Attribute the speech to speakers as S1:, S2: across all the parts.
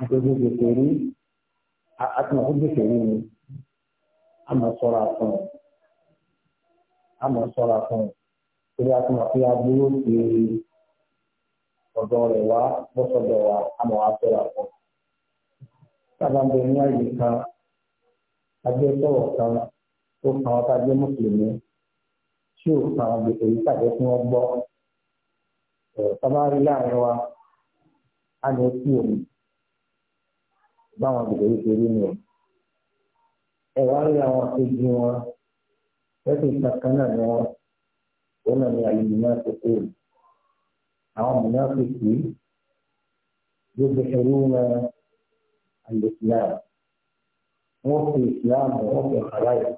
S1: nítorí gbèsè rí àtúnwò fún gbèsè rí ni a mọ̀ sọ́ra fún un a mọ̀ sọ́ra fún un torí àtúnwò pé aburú ti ọ̀dọ̀ rẹ̀ wá bọ́sọ̀dọ̀ wa a mọ̀ wá sọ́ra fún un. sábà ń bẹ ní àyè kan agbẹ́ kan tó kan ọ́ tá mùsùlùmí tí ò kan gbèsè yìí tàbí tí wọ́n gbọ́. sábà rí láàrin wa a ní kí òun báwọn gbèdéri ṣe rí ni o ẹ wá rí àwọn kejì wọn lẹ́sìn kankan náà ni wọn ó náà ní àyè mìíràn tó kó o àwọn mìíràn tó kì í yóò bẹ ẹrú na àlèkìláà wọn fi ìsìláàmù wọn fi àlàyé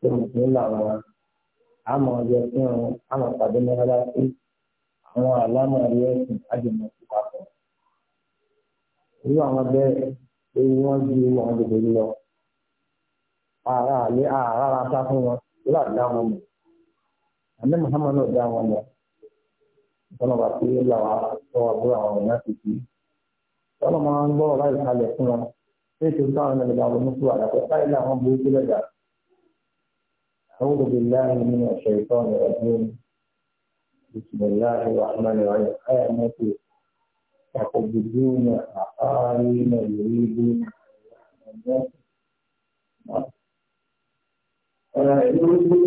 S1: tó ń pín làwọn àmọ̀ ọjọ́ fún àwọn àpàdé mọ́lá sí àwọn àlámọ̀ ẹ̀rí ẹ̀sìn àjùmọ̀ síta irú àwọn bẹ́ẹ̀ ewu wọn ju àwọn bèbè lọ ara àlẹ́ ara ara sá fún wọn irú àdá wọn mọ̀ àmì muhammad náà dá wọn mọ̀ ìtọ́nà bá ti là wá sọ àbúrò àwọn ọ̀nà ti fi ìtọ́nà máa ń gbọ́ ọ̀rá ìkàlẹ̀ fún wọn ṣé ètò táwọn ẹ̀mẹ̀lẹ̀ bá wọn fún àdàpọ̀ táyì láwọn burúkú lẹ́dà àwọn òbí láàrin nínú ọ̀ṣẹ̀ ìtọ́nà ẹ̀dùn بسم الله الرحمن الرحيم يقبضون أعالينا يريدون أعوذ بالله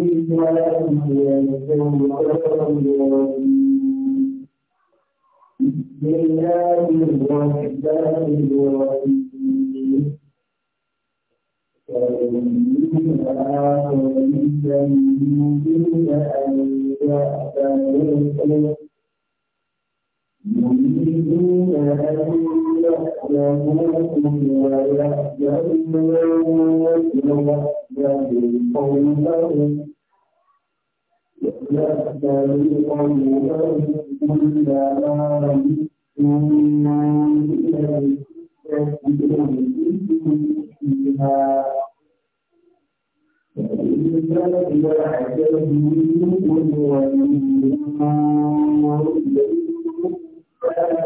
S1: من الشيطان الرجيم بسم الله الرحمن الرحيم والذين آمنوا بالذنب أن يأتوا يريدون أن يحيوكم ويحيوا قومهم يحيوا قومهم كلما ثم إليه يسجدون فيها فإذا أعجبهم وليهم Ọlọ́run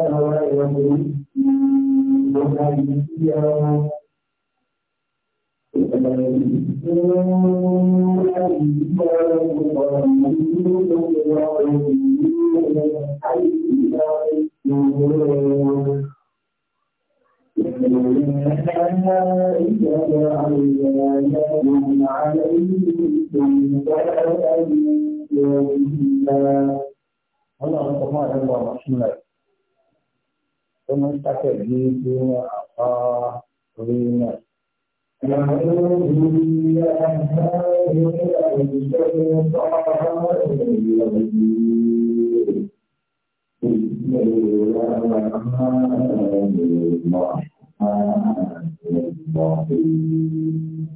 S1: ọmọ àdẹ́gbà wà sílẹ̀. ومستقبلين آخرين يعود بأهله الشيطان الرجيم بسم الله الرحمن الرحيم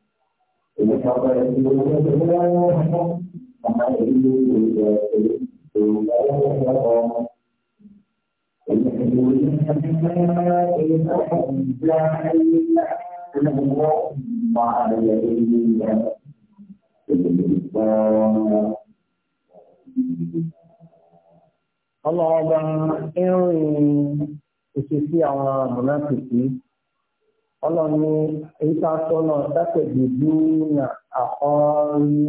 S1: Ele Ọlọ́ọ̀bá ń rìn ìṣesí àwọn mọ̀láfìsì ọlọ́run ní èyí tá a sọ náà dákẹ́ bí dúnà àkọ́rí.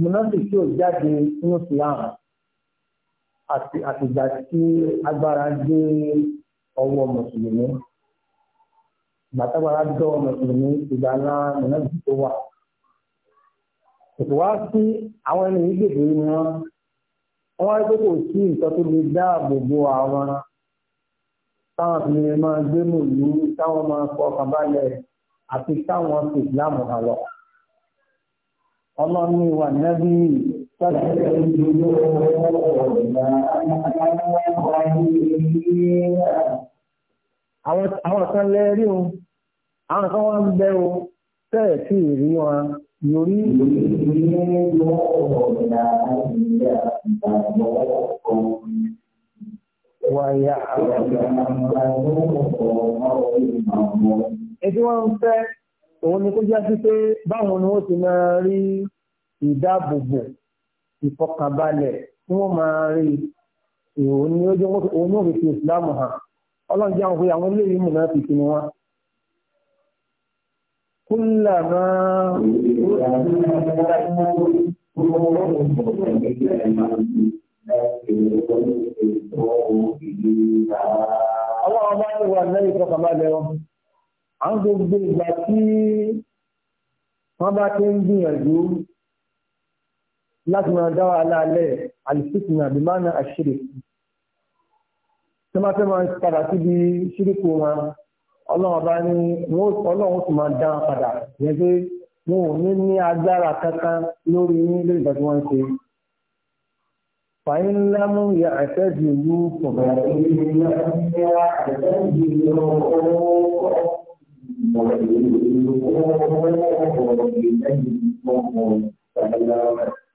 S1: Munasi tí ó jáde nínú Islam àtìgbà tí agbára dé ọwọ́ Mùsùlùmí. Bàtàgbára dọ́ Mùsùlùmí ìgbà náà tó wà kò wá sí àwọn ẹni yìí ni wọn wọn wá pé kò sí nǹkan tó lè dáàbò bo àwọn táwọn fi lè máa gbé mòlú táwọn máa fọ ọkàn balẹ̀ àti táwọn fi ìsìlámù hàn lọ. ọlọ́run ní ìwà nẹ́bí sọ́dọ̀ ẹgbẹ́ ìdílé ọ̀gá àwọn kan lè rí o àwọn kan wọ́n ń bẹ́ o tẹ́ẹ̀ sí ìrí wọn. يريد Èdí wọ́n ń fẹ́ òun ni kó já sí pé báwọn ni wọ́n ti máa rí ìdáàbòbò ìfọkànbalẹ̀ tí wọ́n máa rí òun ni ó jẹ́ òun ní òfin ìsìlámù hàn. Ọlọ́run jẹ́ àwọn pé àwọn ilé ìmúná fi kí ni wọ́n. كلما Àwọn ọba ìwà lẹ́yìn ìfọ́kà máa lẹ́wọ́. A ń gbogbo ìgbà tí wọ́n bá tí ń gbìyànjú láti máa dáwà aláàlẹ́ àlìsíkìnà bí máa na àṣírí. Tí wọ́n máa fẹ́ máa padà síbi ṣíríkù wọn, ọlọ́run bá ní ọlọ́run sì máa dá wọn padà yẹn pé wọn ò ní ní agbára kankan lórí yín lórí ìgbà tí wọ́n ń ṣe. fàyín lámú ya àtẹ́jì ìlú kọ̀ọ̀kan.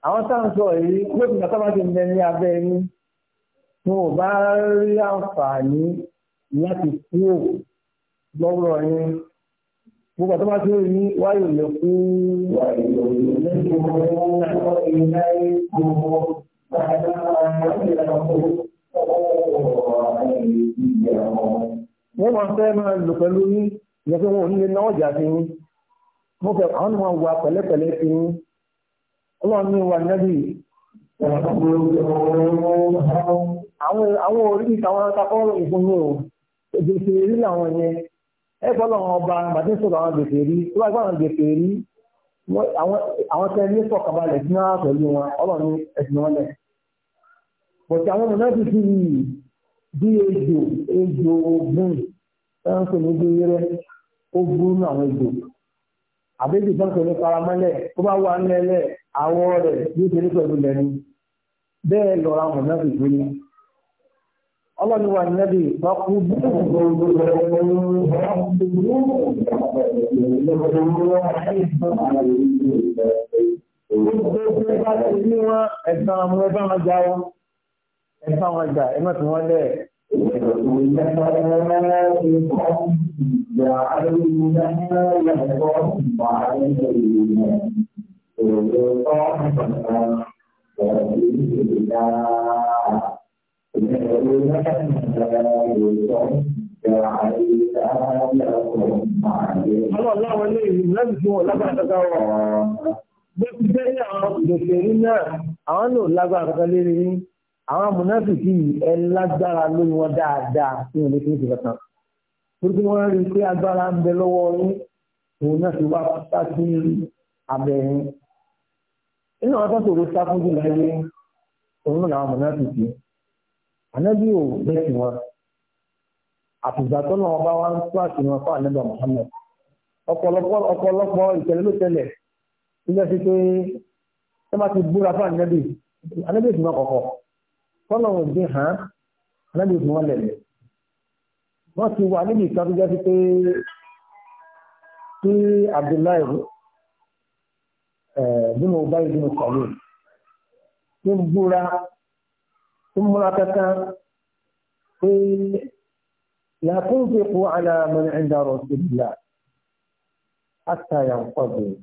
S1: àwọn tá à ń sọ yìí lóbi nàkà máa ti ń ní abẹ́ yín wọn ò bá rí àǹfààní láti kúrò. gbọ́rọ̀ yín gbogbo àtọ́bá tí ó ní wáyò lè kú wọ́n máa fẹ́ máa lò pẹ̀lú yín ìyẹn pé wọn ò nílé jà sí yín mo fẹ́ àwọn máa wà pẹ̀lẹ́pẹ̀lẹ́ sí yín ọlọ́run ní wà nẹ́bí àwọn orí ìtàwọn ìfúnni ò èdè ìṣèlérí làwọn yẹn ẹgbẹ́ ọba màdé sọ̀rọ̀ àwọn gbèsè rí tó bá gbọ́ àwọn gbèsè rí àwọn tẹ́ ní fọkànbalẹ̀ sí náà pẹ̀lú wọn ọlọ́run ẹ̀sìn wọn lẹ̀. bọ̀tí àwọn ọmọ náà ti fi rí bí ejò ejò ogun ní ó burú ní àwọn ejò. àbẹ́jì ń bá wà àwọ̀ rẹ̀ ọlọ́ni wa nẹ́bí bọ́kú Thank you. يقولون Ọlọ́run láwọn ilé ìlú lẹ́bí fún wọn lágbára kankan wọn. Bí ó ti jẹ́ ní àwọn gbèsè rí náà, àwọn lò lágbára kankan lérí ní àwọn amúnáfìkì ẹ lágbára lórí wọn dáadáa fún ìlú fún ìṣẹ̀lẹ̀ kan. Torí wọ́n rí pé agbára ń bẹ lọ́wọ́ yín, òun náà ti wá pátá sí abẹ́rin. Inú àwọn tó ń sọ̀rọ̀ sáfún jù láyé, òun náà àwọn amúnáfìkì ànábì ò bẹ́sì wọn àtìgbà tó náà bá wá ń tó àti wọn fún ànábì Muhammad ọ̀pọ̀lọpọ̀ ọ̀pọ̀lọpọ̀ ìṣẹ̀lẹ̀ ló tẹ̀lẹ̀ nígbà tí pé tó bá ti búra fún ànábì ànábì ò sì mọ kọ̀kọ̀ tọ́nà ò dín hàn ànábì ò sì mọ lẹ̀lẹ̀ wọ́n ti wà níbi ìkan tó jẹ́ pé tí Abdullahi eh, bínú báyìí bínú kọ̀ọ̀lù tó ń búra ثم أتت لا تنفقوا على من عند رسول الله حتى ينقضي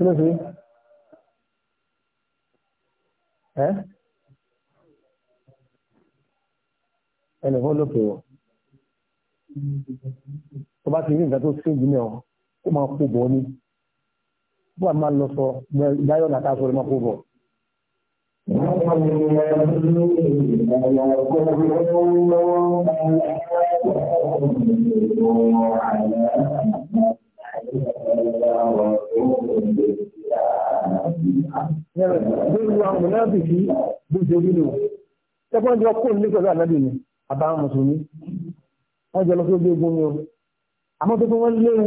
S1: شنو ها؟ أنا هو tó bá ti rí nǹkan tó ṣéǹjì náà kó máa kó bọ̀ ní bó a máa lọ sọ dáyọ̀ nàta sọ rẹ̀ máa kó bọ̀. Gbogbo àwọn mọ̀lábìkì bí ṣe rí lò. Ẹgbọ́n jọ kó ní pẹ̀lú ànábì ni, àbáwọn mùsùlùmí. Wọ́n jọ lọ sí ojú ogun ni o àmọ́ tó tó wọ́n léwu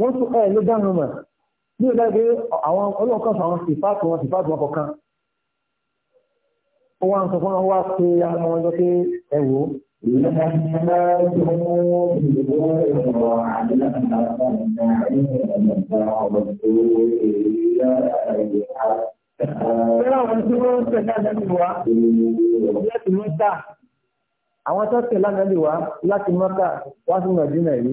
S1: wọ́n tún ẹ̀ ló dáhùn mọ̀ bí ó dájú àwọn ọlọ́ọ̀kan fún àwọn sìfáàtì wọn sìfáàtì wọn kọ̀ọ̀kan ó wá ń sọ fún wọn wá pé ara wọn lọ pé ẹ wò ó. Fẹ́rẹ́ àwọn tí wọ́n ń tẹ̀lé àdáni wa láti mọ́ta àwọn tó tẹ̀lé àdáni wa láti mọ́ta wá sí Nàìjíríà yìí.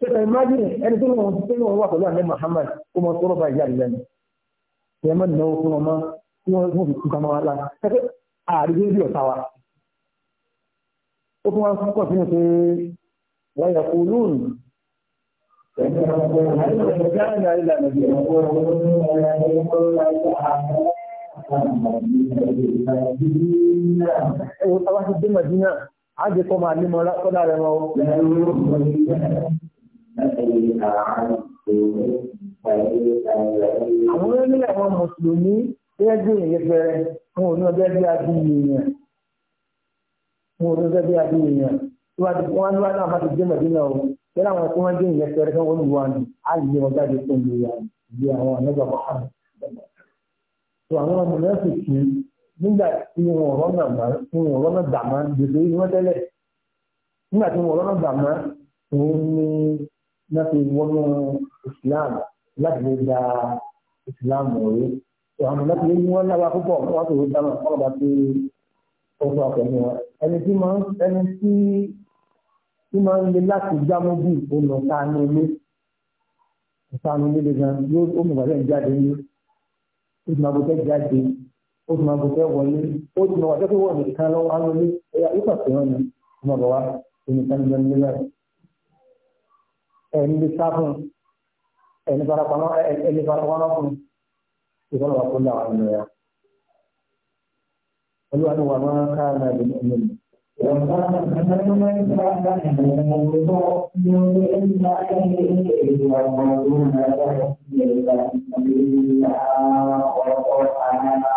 S1: Ṣẹ̀tẹ̀ imagine ẹni tó lọ́wọ́ tó lọ́wọ́ wà pẹ̀lú àlẹ́ Muhammad kó mọ sọ́rọ̀ bá ìyá rẹ̀ lẹ́nu. Ìyẹn mọ́ ìnáwó fún ọmọ tí wọ́n fún ìkú kan máa la. Ṣẹ́fẹ́ àrídé bí ọ̀tá wa. Ó fún wa kọ̀ sínú pé wọ́n yẹ kó lóòrùn. Ẹ̀wọ̀n táwa ti dé Màdínà, á jẹ́ kọ́ máa ní mọ́ lára ẹ̀wọ̀n àwọn orílẹ̀ àwọn mùsùlùmí gẹ́gẹ́ ìyẹ́fẹ́rẹ́ fún òní ọjọ́ bí adé èèyàn fún òní ọjọ́ bí adé èèyàn tí wọ́n ti wọ́n náà bá ti dé mọ̀dínà o kí láwọn tí wọ́n dé ìyẹ́fẹ́rẹ́ fún òní wọn á lè wọn jáde fún ìlú ya ìdí àwọn àlejò àkọ́kọ́ tó àwọn ọmọ náà sì kí nígbà tí wọn rọ́nà rọ́nà dàmá náà fi wọnú islam láti lè gba islam rí àwọn láti lè ní wọn lára púpọ̀ wọn kò dáná wọn bá ti ọsọ àpẹẹrẹ wọn ẹni tí máa ń ẹni tí tí máa ń le láti jámọ́ bí ìfowópamọ́ sáánú ilé sáánú ilé gan yóò ó mọ̀ wáyé jáde ní ó ti máa bọ̀ fẹ́ jáde ó ti máa bọ̀ fẹ́ wọlé ó ti máa wà fẹ́ wọ̀ nìkan lọ́wọ́ ánú ilé ó ó kàn fẹ́ràn ni ó máa bọ̀ ilé rẹ̀ ẹni lè sá fún ẹni farapamọ́ ẹni farapamọ́ fún ìfọ̀nà wà fún làwọn ènìyàn ya. olúwa ni wà máa ń ká náà lè ní ọmọ mi. Thank you.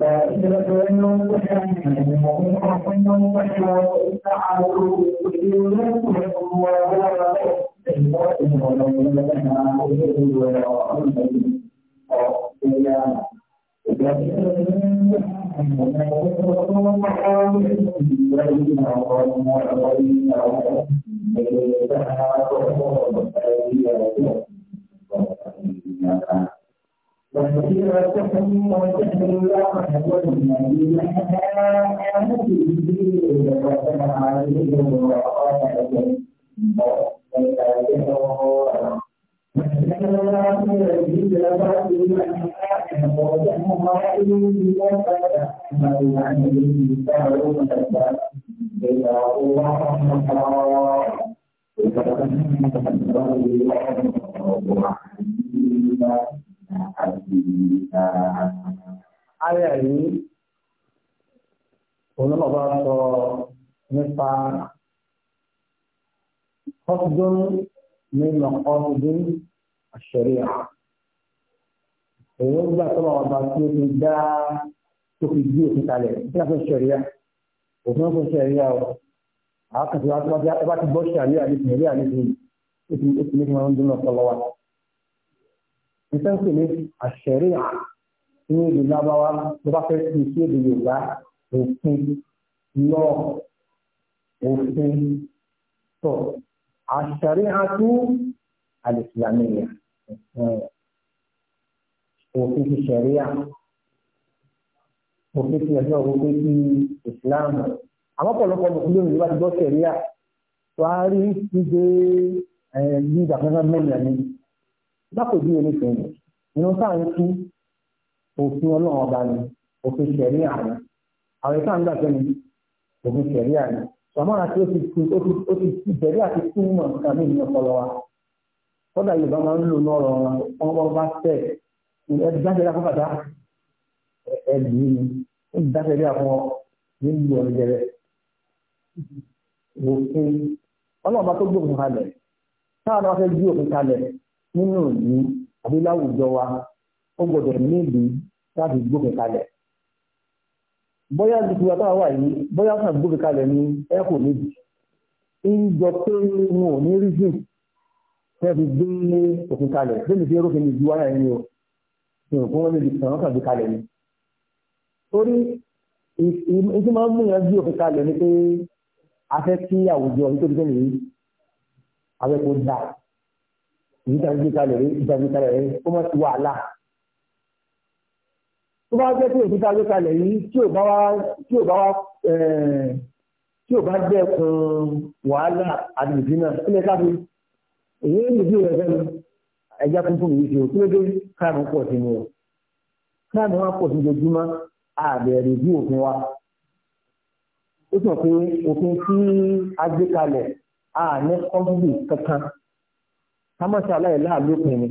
S1: فإذا تولوا فحمهم وحنوا وحاولوا تعالوا وإليكم Thank you. وكثيرة تحمل وتحمل الله وتحمل أمة الدين وتحمل عليه وقال Thank you. Ayé ẹ̀rí onímọ̀bá sọ nípa ọdún nínú ọdún àṣẹrí à. Èyí ń gbà sọ́wọ́ ọba tí ó ti dá tó fi gbé òfin kalẹ̀ tí a fẹ́ ṣẹ̀rí à. Òfin fún ṣẹ̀rí à o. Àwọn kan ti wá tí wọ́n ti bá ti gbọ́ ṣẹ̀rí à nísìnyí, ó ti ní kí wọ́n ń dún lọ́pọ̀lọpọ̀ wa ìfẹ́ǹsì ní àṣẹrí ní èdè lábáwá ló bá fẹ́ fi sí èdè yorùbá òfin lọ òfin tó àṣẹrí àtú àlìsìlámìyà òfin ti ṣẹ̀rí à òfin ti ẹ̀sọ́ òfin ti ìsìlámù àmọ́ pọ̀lọpọ̀ mùsùlùmí ló bá ti gbọ́ ṣẹ̀rí à wàá rí ti dé ẹ̀ ní ìgbà mẹ́rin àná. lápòjú oníṣẹ́ inú sáà ń tú òfin ọlọ́run ọba ni ní ọpọlọ wa kódà yorùbá máa ń lò lọ́rọ̀ wọn wọn bá tẹ̀ ẹ dáṣẹ́rí àfọ́fàdá ẹ lù ú ni ó ti dáṣẹ́rí nínú ìlú àbí láwùjọ wa ó gbọdọ̀ níbi láti gbókè kalẹ̀ bóyá lùtù àtàwọn wà yìí bóyá kàn gbókè kalẹ̀ ní ẹ̀kọ́ méjì ń jọ pé wọn ò ní rí jìn fẹ́ fi gbé òkun kalẹ̀ lẹ́nu fi rúfin ìlú wáyà yìí o ìrùkún wọn níbi tàn án kàn gbé ni torí ìtí máa ń mú yẹn bí òkun kalẹ̀ ni pé a fẹ́ kí àwùjọ nítorí pé nìyí a fẹ́ dáa èyí tá a gbé kalẹ̀ mọ̀ sí wàhálà. tó bá jẹ́ pé èyí tá a yìí tí ò bá wá tí ò bá wá tí ò bá dẹ́kun wàhálà àdìsí náà kí lè káfí èyí ń lè fẹ́ mi ẹja kún mi yìí o kí ló dé káàmù pọ̀ sí mi o káàmù wa pọ̀ sí ojoojúmọ́ àbẹ̀rẹ̀ bí òfin wa ó sọ pé òfin tí a gbé kalẹ̀ àní kọ́ńtù kankan ká má ṣe aláìláàánú lópin ni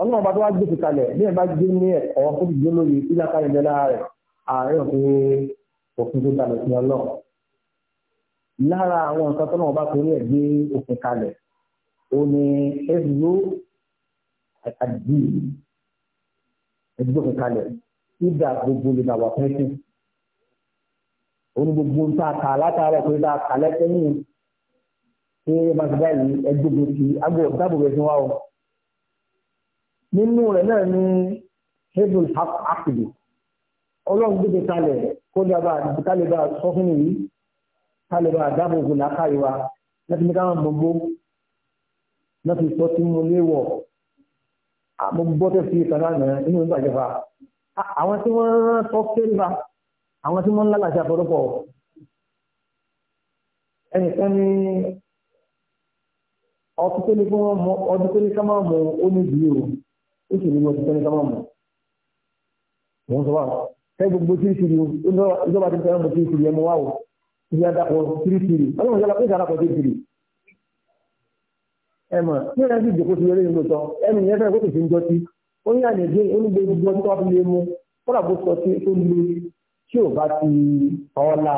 S1: ọlọ́run bá tó wá gbé ti kalẹ̀ bí ẹ bá gbé ní ẹ̀kọ́ tó ti gbé lórí ìlàkà ìjẹ lára rẹ̀ ààrẹ òfin òfin tó dalẹ̀ sí ọlọ́run lára àwọn nǹkan tó náà bá torí ẹ̀ gbé òfin kalẹ̀ ó ní ẹ̀rọ àdì ẹgbẹ́ òfin kalẹ̀ ìdá gbogbo lè dàwà pẹ́ẹ́sì ó ní gbogbo ń ta àkà látara ẹ̀ pé dáa kà lẹ́sẹ̀ ní pé bàtàkà yìí ẹgbẹ́gbẹ́ ti agbó dábòbẹ̀ sí wa o. nínú rẹ̀ náà ní hebron akidi ọlọ́run gbẹ́gbẹ́ kalẹ̀ kó dábàá kálíbà sọ fún mi yìí kálíbà dábòbò làákàyè wa láti ní káwọn gbogbo náà fi sọ sínú léwọ̀ mo gbọ́ tó fi ìtàn lánàá inú ìgbà jẹfa àwọn tí wọ́n rán sọ kéré àwọn tí wọ́n ń lálàṣà fọ́dọ́pọ̀ ẹnìkan ní ọtí tó ní kí wọ́n mọ ọdún tó ní ká máa mọ ó ní ìdílé o ó sì ní ọdún tó ní ká máa mọ. wọ́n sọ wá fẹ́ gbogbo tìrìtìrì o ìjọba ti fẹ́ràn gbogbo tìrìtìrì tiri mọ wá o ìyá dàpọ̀ tìrìtìrì ọlọ́run ìjọba pé ìjọba tìrìtìrì. ẹ mọ̀ ní ẹ̀rọ ti jòkó ti eré ní lóòótọ́ ẹni ìyẹn fẹ́ràn kó tètè ń jọ sí ó ní àná ìdí onígbègbè ọdún tó wá fi lé mu kọ́dà bó sọ sí ti ọ̀la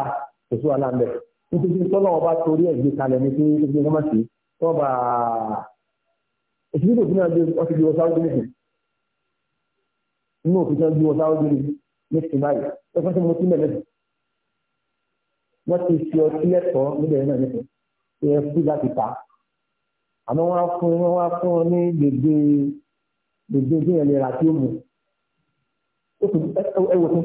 S1: èso àlàmbẹ̀ nítorí tọ́lọ́wọ́ bá torí ẹ̀ gbé kalẹ̀ ní pé gbogbo ọmọ sí tọ́ba òṣìṣẹ́ òfin náà gbé ọtí ju ọ̀sáwọ́dé nìkan inú òfin náà ju ọ̀sáwọ́dé nìkan ní ìsìnbáyìí lọ́sọ̀ọ́sì mo ti mẹ́lẹ́dì wọ́n ti fi ọtí lẹ́tọ̀ọ́ níbẹ̀rẹ̀ náà nìkan ṣe é fún láti ta àmọ́ wọ́n á fún wọ́n á fún ọ ní gbègbè gbègbè tí yẹn lè rà tí ó mú ẹwọ fún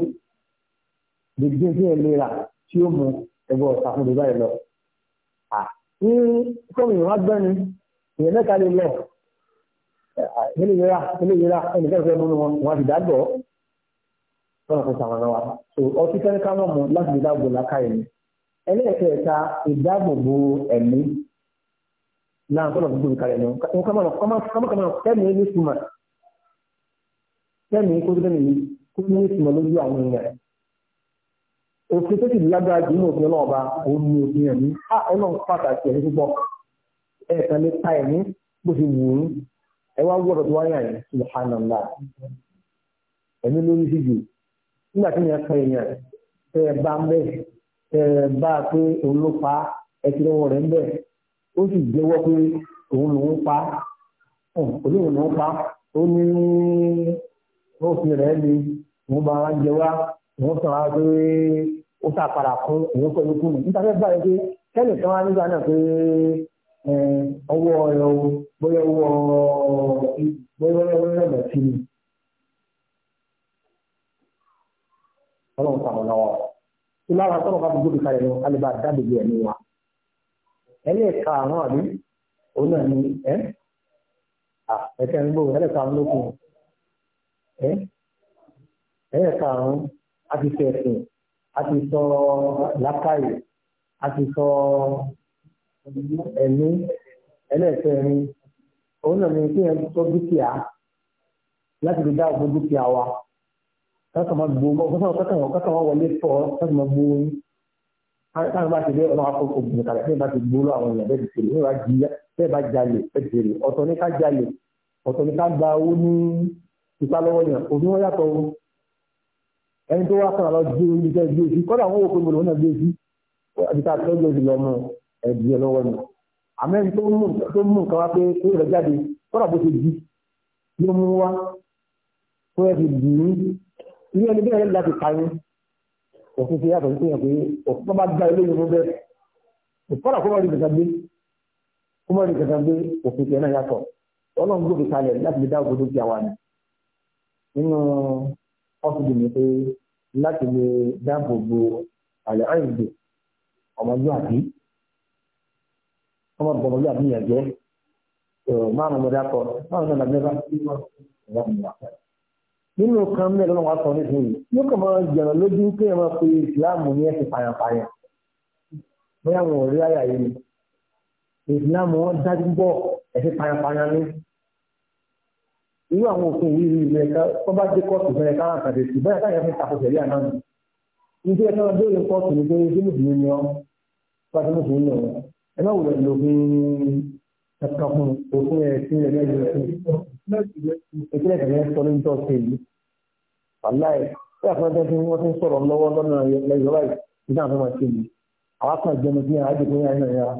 S1: gbègbè tí yẹn lè rà tí ó mú ẹgbẹ́ ọ̀sà fún bíbá yìí lọ. ní kọ́mìnì wá gbẹ́ni èèyàn mẹ́ta lè lọ eléyìíra eléyìíra ẹnìkan fẹ́ wọn wọn ti dàgbọ́ wọn kò sàwọn náà wá so ọtí fẹ́rẹ́ ká mọ̀ láti lè dáàbò lákàyè ni ẹlẹ́ẹ̀kẹta ìdáàbòbò ẹ̀mí náà kọ́nà gbogbo ìkàlẹ̀ ni wọn kọ́ mọ̀ kẹ́mi ní sùmọ̀ kẹ́mi kó tó kẹ́mi kó lójú àwọn òfin tó sì lágbára jù nínú òfin ọlọ́ọ̀ba òun ni òfin ẹ̀mí á ọlọ́run pàtàkì ẹ̀mí púpọ̀ ẹ̀ẹ̀kan lè ta ẹ̀mí bó ti wù ú ẹ wá wọ́ọ̀dọ̀ tó wáyà yìí subhanallah ẹ̀mí lórí sí jù nígbà tí yẹn kan èèyàn tẹ ẹ bá ń bẹ tẹ ẹ bá a pé òun ló pa ẹ ti lọ́wọ́ rẹ̀ ń bẹ̀ ó sì jẹ́wọ́ pé òun lòún pa olóhùn lòún pa ó ní òun sọ wá pé ó sàpàdà fún òun pẹ̀lú kùnú níta fẹ́ báyìí pé kẹ́lẹ̀ kan wá nígbà náà pé ọwọ́ ẹ̀ o bóyá ọwọ́ bóyá ọwọ́ ẹ̀ bẹ̀ sí ni. ọlọ́run sàmù lọ́wọ́ ilé àwọn tọ́lọ̀ ká gbogbo ìkàlẹ̀ ni a lè bá dá gbogbo ẹ̀mí wa ẹlẹ́ẹ̀ka àbí òun náà ni ẹ́ ẹ̀kẹ́ ń gbòòrò ẹlẹ́ẹ̀ka àrùn lókun ẹ́ ẹlẹ́ẹ̀ka àrùn a ti sọ ẹ̀sìn a ti sọ lákàyè a ti sọ ẹ̀mí ẹlẹ́ẹ̀kẹrin òun náà ni kí yẹn sọ dúkìá láti lè dáàbò dúkìá wa kọ́kànmá gbogbo kọ́kànmá kọ́kànmá wọlé tọ́ kọ́kànmá gbogbo yín káwọn bá ti dé ọlọ́wà kókò gbìyànjú kalẹ̀ bẹ́ẹ̀ bá ti gbóló àwọn èèyàn bẹ́ẹ̀ ti tèrè bẹ́ẹ̀ bá jìyà bẹ́ẹ̀ bá jalè bẹ́ẹ̀ tèrè ọ̀tọ̀ ní ká jalè ọ̀tọ̀ ní ká gba owó ní ìpalọ́wọ́ yẹn òbí wọn yàtọ̀ ẹni tó wá kàn lọ gbé omi tẹ́ gbé sí kọ́dà wọn wò pé mo lòun náà gbé sí àbí tá a tọ́jú oṣù lọ mọ ẹ̀dí ọlọ́wọ́ ni àmọ́ ẹni tó mú nǹkan wá pé ó rẹ̀ jáde kọ́dà bó ṣe jí ló mú wá tó ẹ fi dì í ilé ẹni bí ẹni láti pa yín òfin ṣe yàtọ̀ nípa pé òfin bá gba ilé yìí fún bẹ́ẹ̀ kọ́dà kó má rí kẹta gbé kó má rí kẹta gbé òfin ṣe náà yàtọ̀ ọlọ́run gbòdì kalẹ̀ láti lè dá òkòtò ọ́fíìsì ni pé láti lè dáàbò bo àlẹ́ àìsè ọmọlúwàbí ọmọ ọmọlúwàbí yẹn jẹ́ máa mọ̀ mọ̀dá kọ máa mọ̀ mọ̀dá bá ìwà ìwà nínú kan mẹ́rin lọ́wọ́ sọ nísìnyí yóò kàn máa jẹ̀rọ lójú pé ẹ máa pe ìsìláàmù ní ẹ̀sìn pàyàpàyà bóyá wọn ò rí àyà yìí ni ìsìláàmù wọn dájú bọ́ ẹ̀sìn pàyàpàyà ni irú àwọn òfin yìí ilẹ̀ ẹ̀ka tó bá dé kóòtù fẹ́ ẹ̀ka àwọn àkàdé sí báyà táyà fi tako sẹ̀rí àná nù. Ibi ẹ̀ka wọn béèrè kóòtù ní pé ṣé mùsùlùmí ni ọ́ bá ti mùsùlùmí ni ọ́. Ẹ má wùlọ̀ ní òfin ẹ̀ka fún òfin ẹ̀sìn ẹ̀rẹ́ ìlú ẹ̀sìn. Ìpínlẹ̀ kẹ̀kẹ́ sọ ní ìjọ ṣe yìí. Wàláì tí àfẹ́fẹ́ tí wọ́n ti ń sọ̀rọ̀ lọ́wọ́ lọ́nà lẹ́yìn ọ̀la ìdá àwọn ọmọ ṣe yìí. Àwọn kan jẹun bí àájò fún yàrá yàrá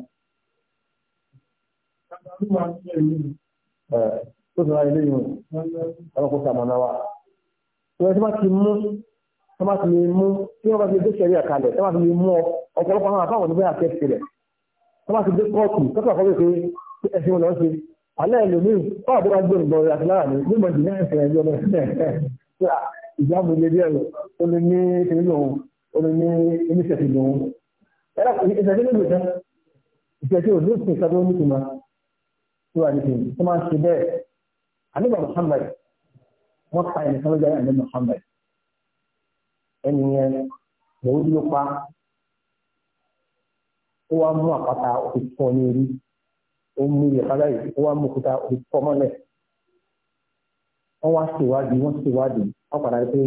S1: tó ti ráyè lẹ́yìn ọlọ́kùn sàmọ́nà wa ìwọ̀n tí wọ́n ti mú tí wọ́n ti lè mú tí wọ́n bá ti dé sẹ́rí àkàlẹ̀ tí wọ́n ti lè mú ọ̀pọ̀lọpọ̀ àwọn àfáwọn oníbẹ̀rẹ̀ àkẹ́sì rẹ̀ tí wọ́n ti dé kóòtù tọ́tù àkọ́bẹ̀ pé ẹ̀sìn wọn lọ ṣe alẹ́ ẹlòmíì fáwọn tó bá gbé ìgbọ̀n rẹ̀ àti lára mi nígbà jù náà ẹ̀sìn ẹ̀jọ́ náà ìjáàbù ilé díẹ̀ lọ ó lè ní tèmi lòun ó lè ní oníṣẹ́sì lòun ẹ̀rọ ìṣẹ́sì ló lè tán ìṣẹ́sì ò ní ń ṣe bẹ́ẹ̀ àdébà Muhammad wọ́n pa ẹnìkan ló jẹ́ àdébà Muhammad ẹni yẹn lòun ló pa ó wá mú àpáta òfin fún ọ ní orí ó mú ìyẹ̀pá báyìí ó wá mú òkúta òfin fún ọ mọ́lẹ̀ wọ́n wá ṣèwádìí wọ́n ṣèwádìí wọ́n padà pé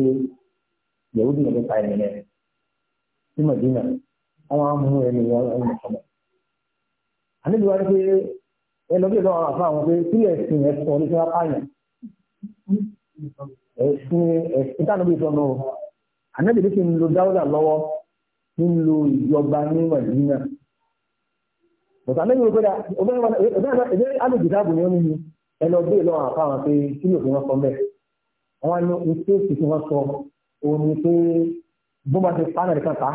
S1: yẹ̀wò dìgbà nípa ẹni yẹn sí Mọ̀dínà wọ́n wá mú ẹni yẹn ọ̀rọ̀ ọ̀rọ̀ àníbi wá pé ẹ lọ bí lọ́wọ́ àfa àwọn pé kí lè sin ẹ̀sùn orí fún apáyàn ẹ̀sìn ẹ̀sìn tánà bí sọnù ànábì ní kí n lo dáwọ́dà lọ́wọ́ kí n lo ìjọba ní màdínà bọ̀tà ànábì ló kọ́dà ọ̀bẹ́ alùpùpù dáàbò ni ó níyì ẹ lọ bí lọ́wọ́ àfa àwọn pé kí lè fún wọn sọ mẹ́ wọn ní iṣẹ́ ìsìnkú wọn sọ òun ni pé bó ma ti pa náà nìkan ta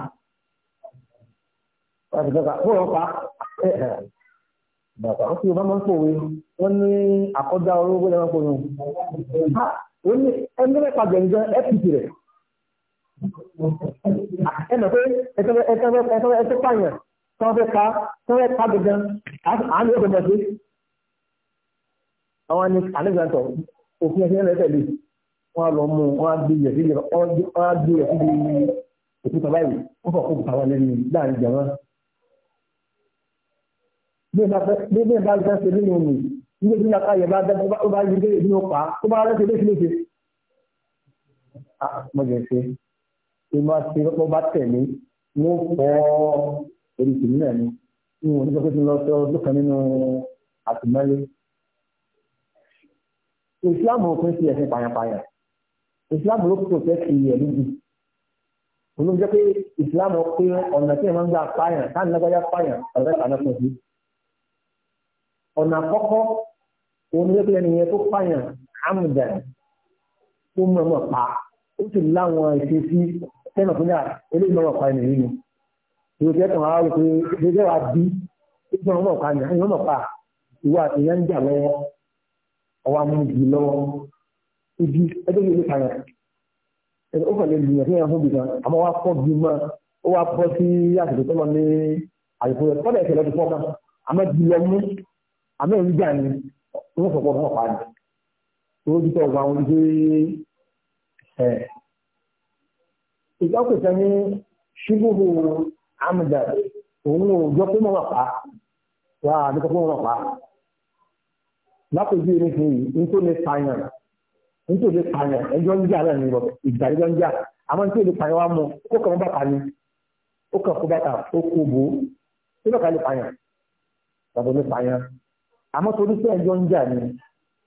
S1: wọn ti fẹ́ ka ó lọ pa bàtà wọn sì bá máa ń pòwe wọn ní àkọjá olówó lẹ́wọ̀n pòwe wọn ní ẹni mẹ́ta gbẹ̀ngàn fpt rẹ̀ ẹ mọ̀ pé ẹsẹ̀ pààyàn tí wọ́n fẹ́ ka tí wọ́n fẹ́ ka gbẹ̀ngàn àánú ẹ̀kọ́ mọ̀ sí. àwọn ni alexander òfin ẹ̀sìn ẹ̀rẹ́ tẹ̀lé wọ́n á lọ mú wọ́n á gbé yẹ̀ sí yẹ̀ wọ́n á gbé yẹ̀ sí yẹ̀ òkúta báyìí wọ́n fọ̀ kó kùtà wọn lẹ́nu láàrin jẹ̀wọ́n bí ẹ bá fẹ́ ṣe nínú omi nígbà tí nàka yẹ bá dá tó bá yẹ kéde nínú pa tó bá rẹ́ṣẹ̀ lé ṣe. mo jẹ ṣe ṣe máa ṣe lọ́pọ̀ bá tẹ̀lé mo fọ́ oríṣi nílẹ̀ ni n ò ní sọ pé kí n lọ sọ ọdún kan nínú àtìmọ́lé. ìsìláàmù òfin ti ẹ̀sìn pààyàn-pààyàn ìsìláàmù ló kò fẹ́ fi ẹ̀mí bì olóńgbé pé ìsìláàmù pé ọ̀nà tí ìwọ̀n ń gbà pààyàn táwọn lágbájá pààyàn ọ̀rẹ́ kàná fún sí. ona koko onye ló pẹ́ nìyẹn tó pààyàn amúdà tó mọ̀mọ̀ pa ó sì láwọn ìṣesí tẹ́nà fún yà eléyìí mọ̀mọ̀ pa ènìyàn nínú ìwé tí ẹ̀tàn ara rò pé gbẹgbẹ́ wa bí ó sì mọ̀mọ̀ pa ènìyàn mọ̀mọ̀ pa ìwà àtìyàn ń jà ibi yìí ló ó fẹ̀lẹ̀ fún fún àmọ́ bí mọ́ ó sí tó lọ àmọ́ ń jà ní wọ́n sọ̀pọ̀ fún ọ̀pá ni owó títọ́ ọgbà wọn gbé ẹ̀ ìgbàkùsẹ̀ ní ṣíbùbù amúdà òun ò jọ pé mọ́wà pa wà á dúpọ̀ pé mọ́wà pa lápòjú eré fún yìí nítorí lè pààyàn nítorí lè pààyàn ẹjọ́ ń jà náà ní ìgbà ẹjọ́ ń jà àmọ́ nítorí lè pààyàn wá mú kó kàn bàtà ni ó kàn kó bàtà ó kó bò nígbà kan lè pààyàn tàbí lè pààyàn àmọ́ torí pé ẹjọ́ ń jà ni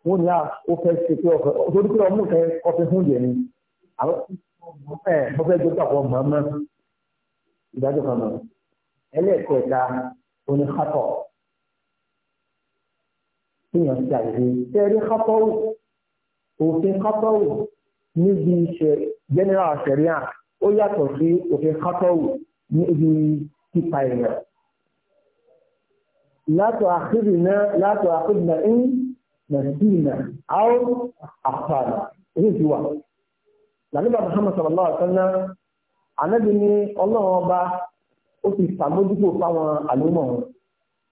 S1: wọ́n ní ah, ó fẹ́ ṣe pé ọkọ̀ torí pé ọmú kẹ ọfẹ́ fún yẹn ni àwọn ọfẹ́ ẹjọ́ pàpọ̀ mọ̀ọ́mọ́ ìdájọ́ kan náà ẹlẹ́ẹ̀kẹta oní kátọ̀ fihàn sí àìrí tẹ́rí kátọ̀ òfin kátọ̀ níbi ìṣe general sẹ̀ríà ó yàtọ̀ sí òfin kátọ̀ níbi pípa èèyàn látọ̀ àkíbìnà látọ̀ àkíbìnà ń nàìjíríà àwọn àpàdà èyí ti wà lànàbà Muhammad sallallahu alaihi wa sallam anábì ní ọlọ́run ọba ó ti sàmójúkò fáwọn àlómọ̀ wọn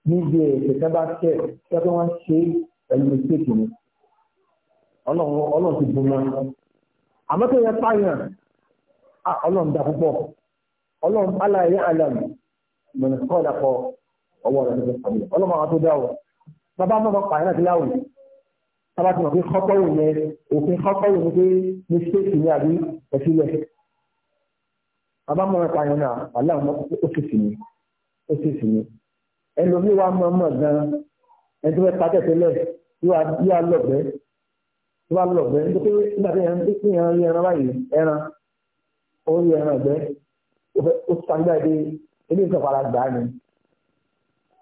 S1: níbi ìṣẹ̀kẹ́ bá tẹ̀ kí wọ́n ṣe pẹ̀lú mistake ni ọlọ́run ọlọ́run ti bùn wọn àmọ́ tó yẹ pààyàn ọlọ́run dà púpọ̀ ọlọ́run aláìyá àlàm ọwọ́ rẹ̀ níbi pàdé ọlọ́mọ àwọn tó dáwọ̀ bàbá mọ́mọ́ pààyàn náà ti láwùjọ tábà ti mọ̀ pé kọ́kọ́rù yẹn òfin kọ́kọ́rù ni pé mistake ni àbí ẹ̀sílẹ̀ bàbá mọ́mọ́ pààyàn náà aláwọ̀ ó sì sì ni ó sì sì ni ẹlòmíì wa mọ̀ mọ̀ gan ẹni tó fẹ́ pa tẹ̀tẹ̀lẹ̀ yóò lọ̀bẹ́ yóò lọ̀bẹ́ nítorí nígbà tí ẹran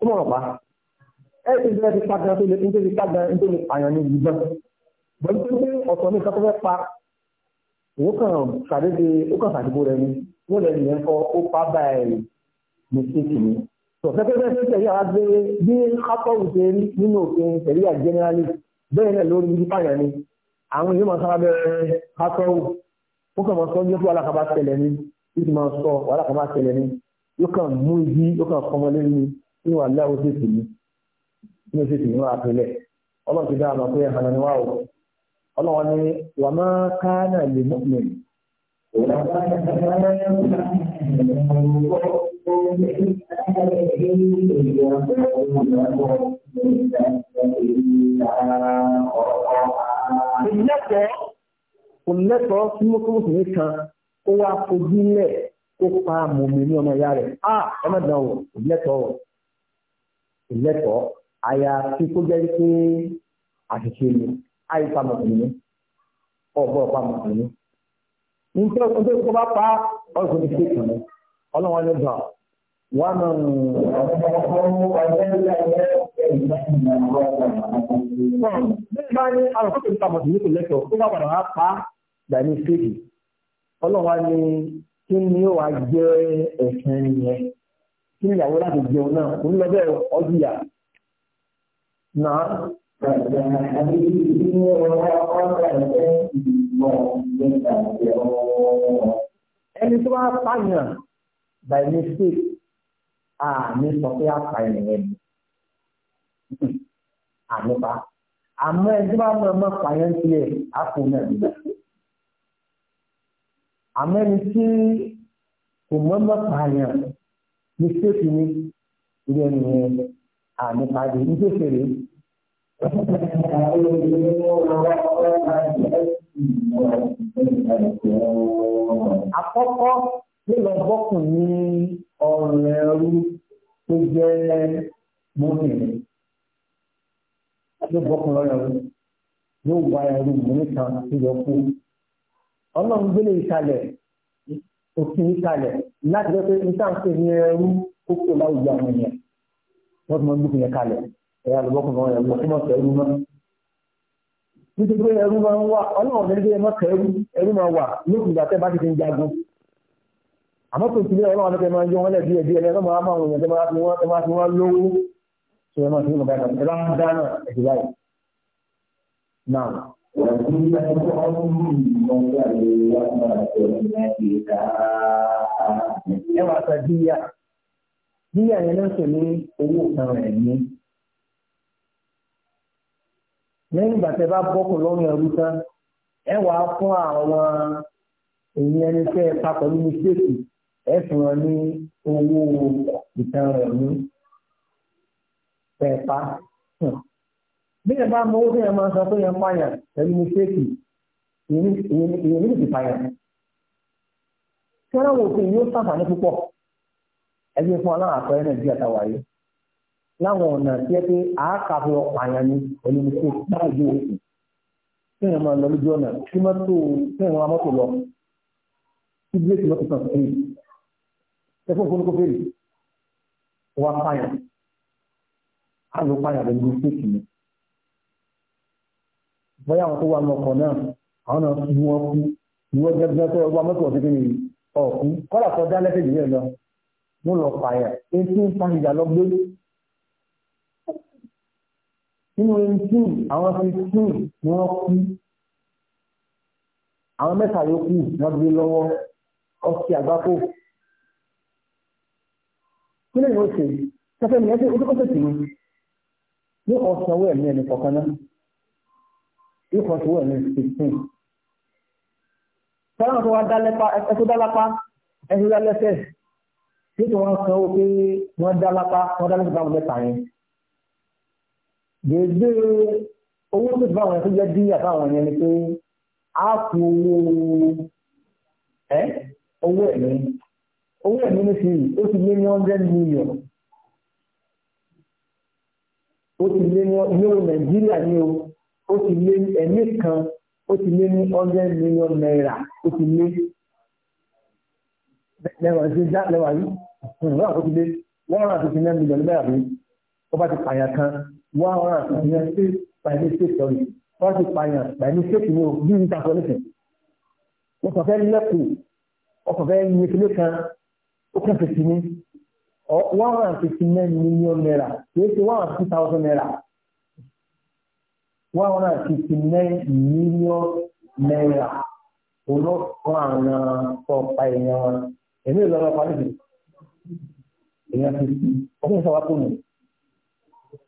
S1: mọ̀rọ̀ pa ẹ̀ ti bẹ́ẹ̀ ti pa gan tó lè tó lè pa gan tó lè pààyàn ní ìlú gan bọ́n tó pé ọ̀sán ní ìkàtọ́ fẹ́ pa òun kàn ṣàdédé ó kàn ṣàdébò rẹ ni wọ́n lẹ́nu yẹn kọ́ ó pa báyìí ní kéèkì ni sọ̀tẹ́tẹ́tẹ́ tó tẹ̀lé àwọn agbé bí kápọ́ọ̀lù ṣe rí nínú òfin tẹ̀lé à generally bẹ́ẹ̀ náà lórí ibi pààyàn ni àwọn ìlú máa sábà bẹ́ẹ̀ kápọ́ọ̀lù ó kàn máa sọ ní fún alákàbá tẹ̀lẹ̀ ni ó sì máa sọ alákàbá tẹ̀lẹ̀ ni yóò kàn mú ibi yóò kàn fọmọ lórí ni ní wà sí tìmí ní oṣù tìmí wà ala ọlọ́run ti dá pé ni wà ọlọ́run ni wà má kánà lè mú mi. Ìlẹ́kọ̀ọ́ kò lẹ́tọ̀ọ́ sí kan kó wá fojú lẹ̀ kó pa ní ọmọ ìyá rẹ̀. Ah, ìlẹ́tọ̀ọ́ àyàfi kó jẹ́ pé àṣìṣe ni àìpamọ̀ ìní ọ̀bọ̀ ọ̀pamọ̀ ìní. nítorí ọ̀sẹ̀ tó bá pa ọ̀sùn ti ṣe kàn ọlọ́wọ́n ló gbà wọ́n mọ̀ bẹ́ẹ̀ bá ní àròkọ́ tó ń pamọ̀ ìní kò lẹ́tọ̀ọ́ tó bá padà wá pa dàní ṣéèkì ọlọ́wọ́n ni kí ni ó wàá jẹ́ ẹ̀sìn yẹn kí ni ìyàwó láti jẹun náà kò ní lọ bẹ́ẹ̀ ọdún yà náà. ẹni tó bá pààyàn by mistake àmì sọ pé àpààyàn yẹn àmì pa àmọ́ ẹni tó bá mọ ọmọ pààyàn tiẹ̀ àpò náà nígbà àmọ́ ẹni tí kò mọ ọmọ pààyàn mistake ni ilé ẹni yẹn ànípàdé mistake rẹ̀. Àkọ́kọ́ lílọ bọ́kùn ní ọ̀rọ̀ ẹrú tó jẹ́ mọ́bìnrin. Ló bọ́kùn lọ́rọ̀ ẹrú yóò wá ẹrú mìíràn kan tó yọ kú. Ọlọ́run gbélé ìsàlẹ̀ òfin kalẹ̀ láti lọ pé níta ń pè ní ẹrú kókó láwùjọ àwọn èèyàn wọ́n ti mọ gbókùn yẹn kalẹ̀ ẹ̀yà lọ́gbọ́kùn náà ẹ̀rú ọkùn náà ẹrú mọ́. nítorí pé ẹrú máa ń wà ọlọ́run ní ẹgbẹ́ mọ́kà ẹrú ẹrú máa wà lókùn ìgbà tẹ́ bá ti fi ń jagun. àmọ́ kò sí ilé ọlọ́run ní kẹ́ máa yọ wọn lẹ̀ díẹ̀ díẹ̀ lẹ́nu máa máa wọ̀nyẹn tẹ́ máa fi wọ́n lówó ṣe é máa fi wọ́n bá وكل قوم ẹ wàá sọ díyà díyà yẹn náà sọ ní owó kan rẹ̀ ní. lẹ́yìn ìgbà tẹ́ bá bọ́kù lọ́rùn ẹrú tán ẹ wàá fún àwọn èyí ẹni tẹ́ ẹ pa pẹ̀lú mistake ẹ fún wọn ní owó ìtàn rẹ̀ ní pẹ̀pá bí ẹ bá mọ owó tó yẹ máa sọ pé yẹ ń pààyàn pẹ̀lú mistake ìyẹn ní ti pààyàn tí wọ́n wò pé yóò sàǹfààní púpọ̀ ẹgbẹ́ fún aláwọ̀ àpẹẹrẹ nàìjíríà táwa yìí láwọn ọ̀nà tí ẹ pé àákàfẹ́ ọ̀pààyàn ni pẹ̀lú mistake báyìí ju òkú tí wọ́n máa lọ lójú ọ̀nà tí wọ́n tó tí wọ́n máa mọ́tò lọ tí bíréèkì mọ́tò kan sí ẹ fún fún kófẹ́rì wọ́n bóyá àwọn tó wà ní náà àwọn náà ti wọ́n kú ìwọ gẹ́gẹ́ tó wà mọ́tò ọ̀sẹ̀ kìíní ọ̀kú kọ́lá kan dá lẹ́sẹ̀ yìí lọ mo lọ pààyà etí ń pa ìjà lọ gbé nínú eighteen àwọn fifteen ni wọ́n kú àwọn mẹ́ta yòókù wọ́n gbé lọ́wọ́ ọtí àgbákò kí lè yóò ṣe tẹ́fẹ́ nìyẹn tí ó tó kọ́ ní ọ̀sán owó ẹ̀mí ẹnì kọ̀ọ̀kan náà ikọ̀ tó wọ̀ ní sixteen. sọ́nà tó wá dálápá ẹ̀kọ́ dálápá ẹ̀kọ́ dálẹ́sẹ̀ tí tí wọ́n san ó pé wọ́n dálápá wọ́n dálẹ́sẹ̀ báwọn mẹ́ta yẹn. gbèdé owó tó ti báwọn yẹn tó jẹ́ bí àtàwọn yẹn ni pé a kú owó ẹ owó ẹ̀mí owó ẹ̀mí ní sí ó ti lé ní hundred million ó ti lé ní owó Nàìjíríà ní o ó ti lé ẹ̀mí kan ó ti lé ní hundred million naira ó ti lé lẹ́wà ṣe já lẹ́wà yìí náà ó ti lé one hundred fifty nine million naira rí ó bá ti pààyàn kan one hundred and fifty nine state by mistake sorry wọ́n ti pààyàn by mistake ni o bí n ta sọ nísìn wọ́n sọ fẹ́ lẹ́kùn ọkọ̀ fẹ́ yin kílé kan ó kẹ́sẹ̀ sí ní one hundred fifty nine million naira kì í ṣe one hundred fifty thousand naira one hundred and fifty nine million naira olóòtún àwọn ọ̀pá èèyàn èmi ò lọ́wọ́ parí jù èèyàn fifty ọdún ìṣọwá tó nù.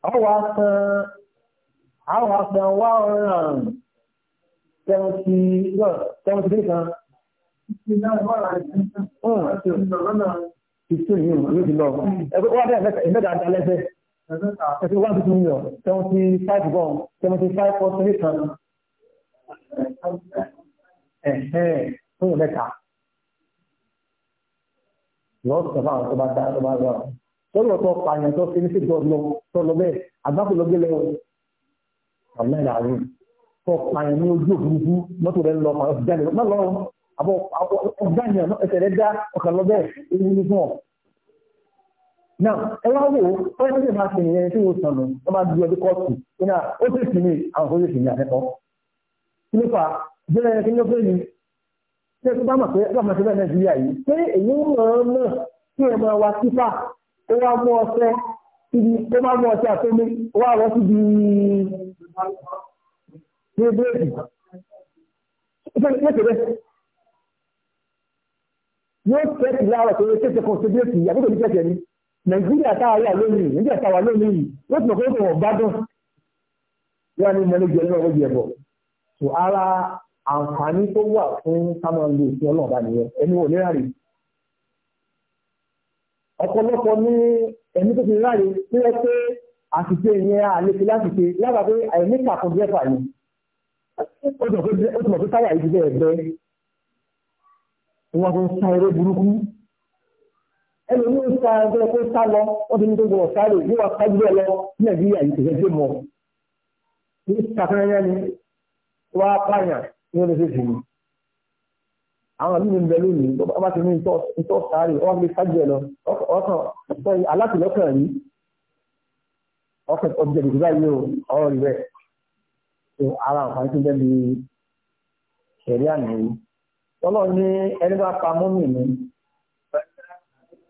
S1: àwọn asan àwọn asan one hundred and seventy seventy three kan. Hmm. fifteen yìí ló ti lọ ẹgbẹ́ wọ́n á bẹ̀rẹ̀ ẹ̀mẹ́ta ń ta lẹ́sẹ̀ ẹ̀sì wá tuntun mílíọ̀ seventy five bọ́ọ̀n seventy five point three kan ẹ̀hẹ́n fún ìlẹ́ta yọ̀ọ́ sọ fún àwọn tó bá dá tó bá rọrùn lórí ọ̀tọ̀ pààyàn tó fi ní sí ìjọ lọ tó lọ bẹ́ẹ̀ àgbákò lọ gbé lẹ́wọ̀ ọ̀nà ìlàrí tó pààyàn ní ojú òfurufú mọ́tò rẹ̀ ń lọ pààyàn ọ̀gbẹ́ni lọ́wọ́ àbọ̀ ọ̀gbẹ́ni ẹsẹ̀ rẹ̀ dá ọkàn lọ bẹ́ẹ̀ ewu ní fún ọ náà ẹ wá wò ó wọ́n ti máa ṣe ìyẹn tí ó sànù wọ́n máa di ọdún kọ́ọ̀tù nínú ó sì sì ní àwọn tó sì sì ní àtẹ́kọ́ kí ló fà jẹ́ kí ló fẹ́ ni ṣé tó bá mọ̀ pé ọmọ ṣe bẹ́ẹ̀ nàìjíríà yìí pé èyí ń ràn án náà kí ẹ máa wá sífà ó wá mú ọṣẹ síbi ó máa mú ọṣẹ àtọ́mí ó wá wọ́n síbi ní bírèkì yóò tẹ́tì láàrọ̀ tó yẹ tẹ́tì kan ṣe bírèkì àbúkò ní tẹ́tì ẹni nàìjíríà táwa lónìí nígbà táwa lónìí wọ́n ti mọ̀ pé kò wọ́n gbádùn yóò ní mọ́lẹ́jọ nínú ọgbẹ́ ẹ̀bọ̀ tó ara àǹfààní tó wà fún sámọ́n lè fi ọlọ́run bá nìyẹn ẹni wò ní ráre ọ̀pọ̀lọpọ̀ ní ẹni tó ti ráre tó yẹ pé àṣìṣe ìyẹn àlefi láti ṣe lábàá pé àìní kàkún dẹ́fà ni ó ti mọ̀ pé táyà yìí ti bẹ́ẹ̀ bẹ́ẹ̀ wọ́n fi ń sá eré burúkú ẹnu ní ìta ẹgbẹ́ kó sá lọ wọ́n ti ní gbogbo ọ̀sáré yóò wá sájú ẹ lọ ní nàìjíríà yìí tẹ̀sẹ̀ dé mọ́ ní sàkányá ni wọ́n á pààyàn ní wọ́n lè ṣe fìlú àwọn àbí mi bẹ lónìí bọ́ bá ti ní ìtọ́ sáré wọ́n fi sájú ẹ lọ ọkàn ọ̀sọ́ alátìlọ́kàn yìí ọkàn ọ̀jẹ̀ dùkú báyìí o ọ̀rọ̀ rí bẹ́ẹ̀ tó ara àǹfààní tó bẹ́ẹ̀ bí ṣẹ̀rí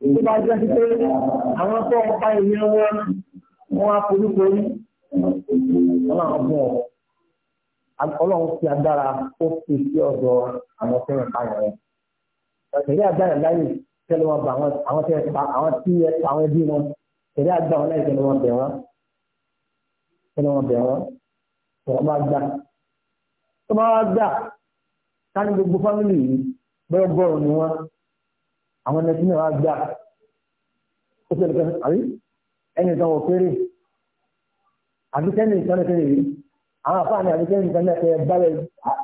S1: tó bá jẹ́ sí pé àwọn tó ń pa èèyàn wọn wọn á forí forí ọlọ́run fún ọ ọlọ́run fi agbára ó fi sí ọ̀dọ̀ àwọn tó ń pa yẹn tẹ̀lé agbára láyè tẹ́lẹ̀ wọn bá àwọn tí ẹ pa àwọn tí ẹ pa àwọn ẹbí wọn tẹ̀lé agbára láyè tẹ́lẹ̀ wọn bẹ̀ wọ́n tẹ́lẹ̀ wọn bẹ̀ wọ́n tẹ̀lé wọn bá gbà tó bá wá gbà ká ní gbogbo fámìlì yìí bẹ́ẹ̀ bọ́ọ̀rù ni wọ́n àwọn ẹni tí náà wá gbà ó ṣe lùkẹ́ àrí ẹni ìtàn wọ̀ péré àbíkẹ́ni ìtàn lẹ́kẹ́ yìí àwọn àfáà ní àbíkẹ́ni ìtàn lẹ́kẹ́ bálẹ̀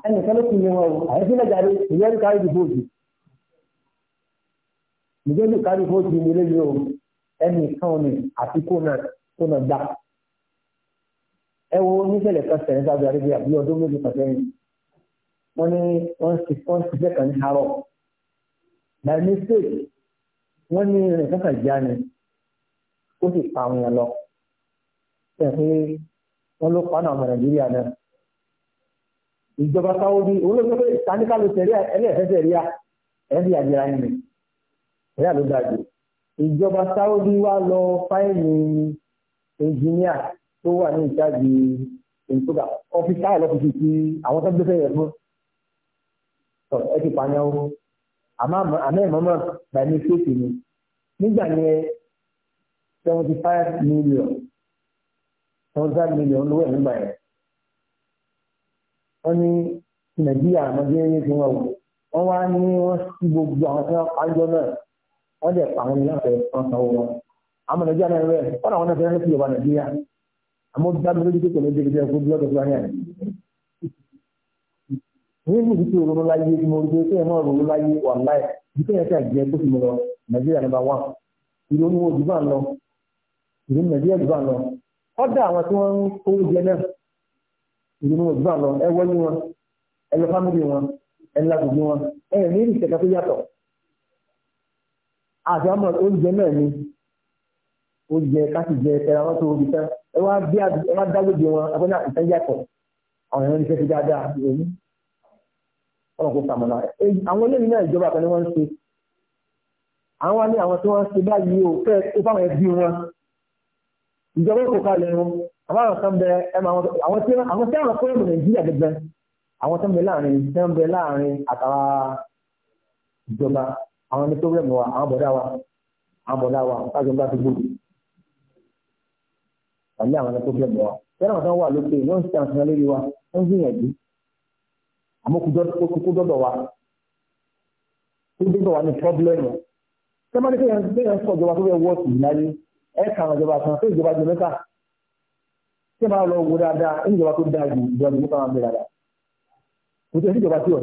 S1: ẹni ìtàn lẹ́kùn yẹn wọn o àyẹ́sí lẹ́jà rẹ̀ ìyẹ́rì kárí dìbò jù ìjẹ́rì kárí dìbò jù nílé yìí o ẹni ìtàn ni àti kónà kónà gbà ẹ wo níṣẹ̀lẹ̀ kan sẹ̀rẹ̀ sábẹ́ àríwá bí ọdún méjì kan sẹ́yìn wọ́n ní wọ́n ti fẹ́ kàn ní àárọ̀ by mistake wọ́n ní rẹ̀ kankan já ni ó sì pa àwọn yẹn lọ ṣe pé wọ́n ló pa náà ọmọ nàìjíríà náà ìjọba sáwọ́dí olóògbé pé sanikalu sẹ̀ríà ẹlẹ́ẹ̀fẹ́ sẹ̀ríà ẹ̀fí àjẹrà yìí ni sẹ̀ríà ló dájú ìjọba sáwọ́dí wá lọ fáìlì ẹnjìníà tó wà ní ìjáde ìtura ọ́fíìsì àìlọ́fíìsì ti àwọn tó gbé fẹ́ yẹ fún ẹ ti pààyàn owó àmọ́ ìmọ̀mọ́ by mistake ni nígbà yẹn seventy five million seventy five million lówó ẹ̀ nígbà yẹn wọ́n ní nàìjíríà àmọ́jẹ́yẹ tí wọ́n wò wọ́n wá ní wọ́n sí gbogbo àwọn tí wọ́n pàjọ náà wọ́n dẹ̀ pa àwọn ènìyàn fẹ́ wọ́n sanwó wọn àmọ́ nàìjíríà náà rẹ̀ wọ́n àwọn náà fẹ́ràn sí ìjọba nàìjíríà àmọ́ dábìlì lójú tó kò ní débi dé ẹ̀kú bí wọ́n tó fi wá ní nínú ìdí tí òróró láyé tí mo rí pé kéèyàn náà òróró láyé wà láì bí kéèyàn kà jẹ tó fi mi lọ nàìjíríà nípa wà ìrònú ojú bá ń lọ ìrònú nàìjíríà ojú bá ń lọ kọ́dà àwọn tí wọ́n ń kówó jẹ náà ìrònú ojú bá ń lọ ẹ wọ́lé wọn ẹ lọ fámìlì wọn ẹ lọ àgbègbè wọn ẹ ní ìrìn ìṣẹ̀kẹ́ tó yàtọ̀ àti àmọ́ oúnjẹ náà ni oúnjẹ káti jẹ ẹ̀rọ àwọn tó rí tán ẹ wá dágbègbè wọn abọ́nà ìtẹ́yàtọ̀ àwọn ẹ̀rọ ìṣẹ́ ti dáadáa ọlọ́run kò sàmọ̀nà àwọn eléyìí náà ìjọba kan ni wọ́n ń ṣe àwọn wa ní àwọn tí wọ́n ń ṣe báyìí o fẹ́ ó fáwọn ẹbí wọn ìjọba kò kalẹ̀ wọn àbáwọn kan bẹ ẹmọ àwọn tí àwọn tí àwọn fúlẹ̀mù nàìjíríà gẹ́gẹ́ àwọn tó ń bẹ láàrin tó ń bẹ láàrin àtàwà ìjọba àwọn ní pírọ́blẹ̀mù wa àwọn bọ̀dá wa àwọn bọ̀dá wa láti ń bá ti gbòòrò àmì àwọn ní pírọ́blẹ̀mù wa tẹ́lẹ̀ wọn tó wà lókè wọ́n ń ṣe àǹfààní lórí wa wọ́n ń gbìyànjú àmọ́ kókó dọ́dọ̀ wa kókó dọ́dọ̀ wa ní pọ́blẹ́mù sẹ́mọ́ni kéèyàn sọ ìjọba tó fẹ́ wọ́ọ̀sì ìnáyé ẹ̀ka àwọn ìjọba kan fún ìjọba jẹmẹ́ta tí máa lọ wo dáadáa ní ìjọba tó dáa ju ìjọba jẹmẹ́ta máa ń dáadáa kò tẹ́ sí ìjọba tí ò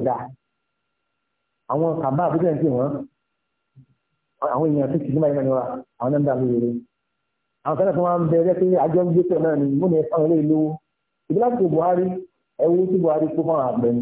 S1: àwọn kàmbá àbúkẹ́ ń pè àwọn èèyàn tó ti símáyé mẹ́rin wa àwọn náà ń dà lórí rẹ̀ àwọn kan náà tó máa ń bẹ̀rẹ̀ pé àjọ ń gbé pẹ̀ náà ni mú ni ẹ̀fọn ilé ìlú ìdílé àti Buhari ẹ̀wọ́ tí Buhari kó fáwọn àgbẹ̀ ni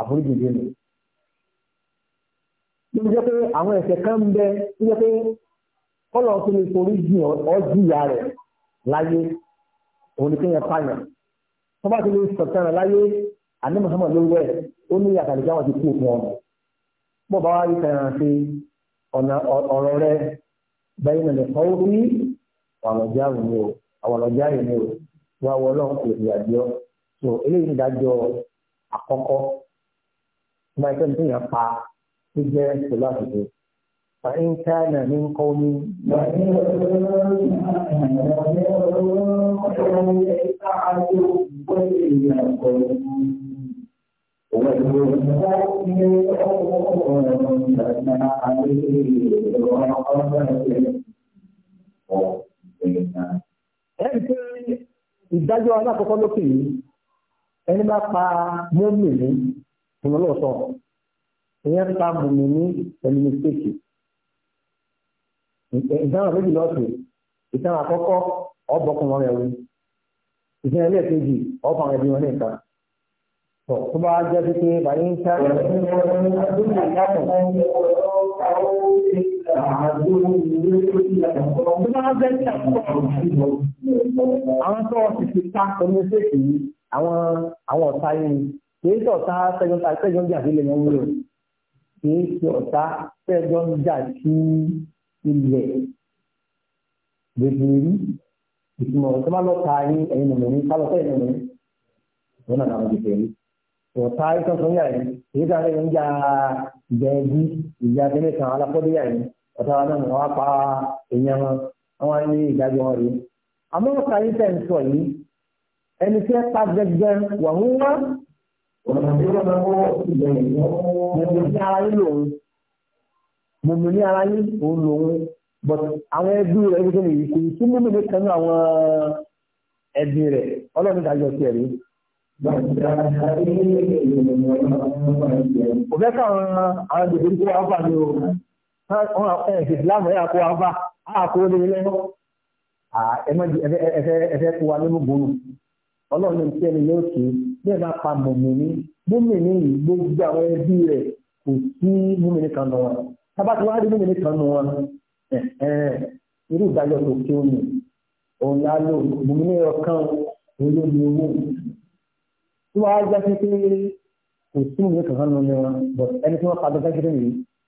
S1: àforíjì ìdí nù. Bí ó jẹ́ pé àwọn ẹ̀ṣẹ̀ kan ń bẹ tó jẹ́ pé kọ́lọ̀ tó lè forí jì ọ́ rẹ̀ láyé òun ni kéèyàn pààyàn. Tó bá ti lè sọ̀tàn rẹ̀ láyé àní Mùsùlùmí ló wẹ̀ ó ní àtàlẹ́ jáwọ́ ti kú òfin ọ̀nà. Bó bá wá rí kẹrin ṣe ọ̀rọ̀ rẹ bẹ́ẹ̀ ni ẹ̀kọ́ ó rí ọ̀rọ̀jà òun o àwọ̀rọ̀jà òun o wá wọ́ ọlọ́run kò ìyàjọ́. So eléyìí ni ìdájọ́ àkọ́kọ́ máa jẹ́ nítorí yẹn pa tó فإن كان من قوم ìdájọ́ alákọ̀ọ́kọ́ lókè yìí, ẹni bá pa mọ́mì ìmọ̀ náà sọ ìyẹn ta bùnmi ní pẹ̀lú mistake ìdáhùn méjì lọ́sẹ̀ ìtàn àkọ́kọ́ ọ̀bọ̀kùn wọn rẹ̀ wí ìtàn ẹlẹ́ẹ̀kejì ọ̀bọ̀n ẹbí wọn nìkan tó bá jẹ́ sí pé bàyí ń sá àwọn tó ọ̀sìn ti ta omi ṣèkì àwọn ọ̀tá yìí kìí ṣe ọ̀tá tẹ́jọ́ ta tẹ́jọ́ ń jà sí ilẹ̀ yẹn wúlò kìí ṣe ọ̀tá tẹ́jọ́ ń jà sí ilẹ̀ gbèdéri ìtumọ̀ ọ̀tá máa lọ ta yín ẹ̀yin mọ̀mọ́rin ká lọ sẹ́yìn mọ̀mọ́rin wọn náà làwọn gbèdé rí ọ̀tá ìtàn sọ́yà yìí kìí ṣe àtẹ́jọ́ ń jà ìjà ẹbí ìjà abẹ́lé kan alákọ́déyà yìí ọ̀tá wa náà wọn á pa Mùmí ní ara yín òun lòun, but àwọn ẹbí rẹ̀ ní kíni ìkò tí múmi ní kanú àwọn ẹbí rẹ̀, ọlọ́run dájọ́ sí ẹ̀rí. Òfẹ́ káwọn àwọn ìdòdó tí wọ́n fà ní o, wọ́n ẹ̀sìn ọlọ́run ní tẹ́ni yóò ṣe bẹ́ẹ̀ bá pa mọ̀mìnì mọ̀mìnì yìí gbogbo àwọn ẹbí rẹ̀ kò sí mọ̀mìnì kan nù wọn tábà tí wọ́n á rí mọ̀mìnì kan nù wọn irú ìdájọ́ tó kí ó òun á lò mọ̀mìnì ọ̀kan olómi owó tí wọ́n á já pé kò sí mọ̀mìnì kankan nù wọn ẹni tí wọ́n pa dandan kiri nìyí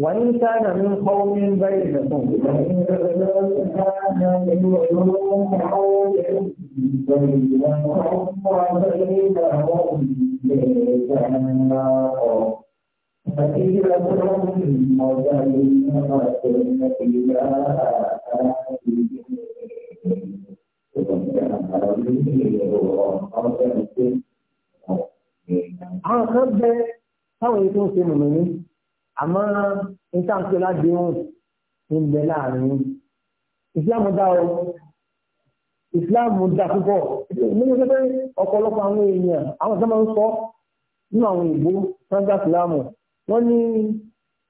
S1: وإن كان من قوم بينكم وإن Àwọn kan bẹ táwọn ètò ìsinmi ní àmọ́ nítaǹkì ládéhùn ń bẹ láàrin ìsìláàmù dá o ìsìláàmù dá púpọ̀ nínú pé ọ̀pọ̀lọpọ̀ àwọn èèyàn àwọn ìsìláàmù ń sọ nínú àwọn ìbò sangá ìsìláàmù wọ́n ní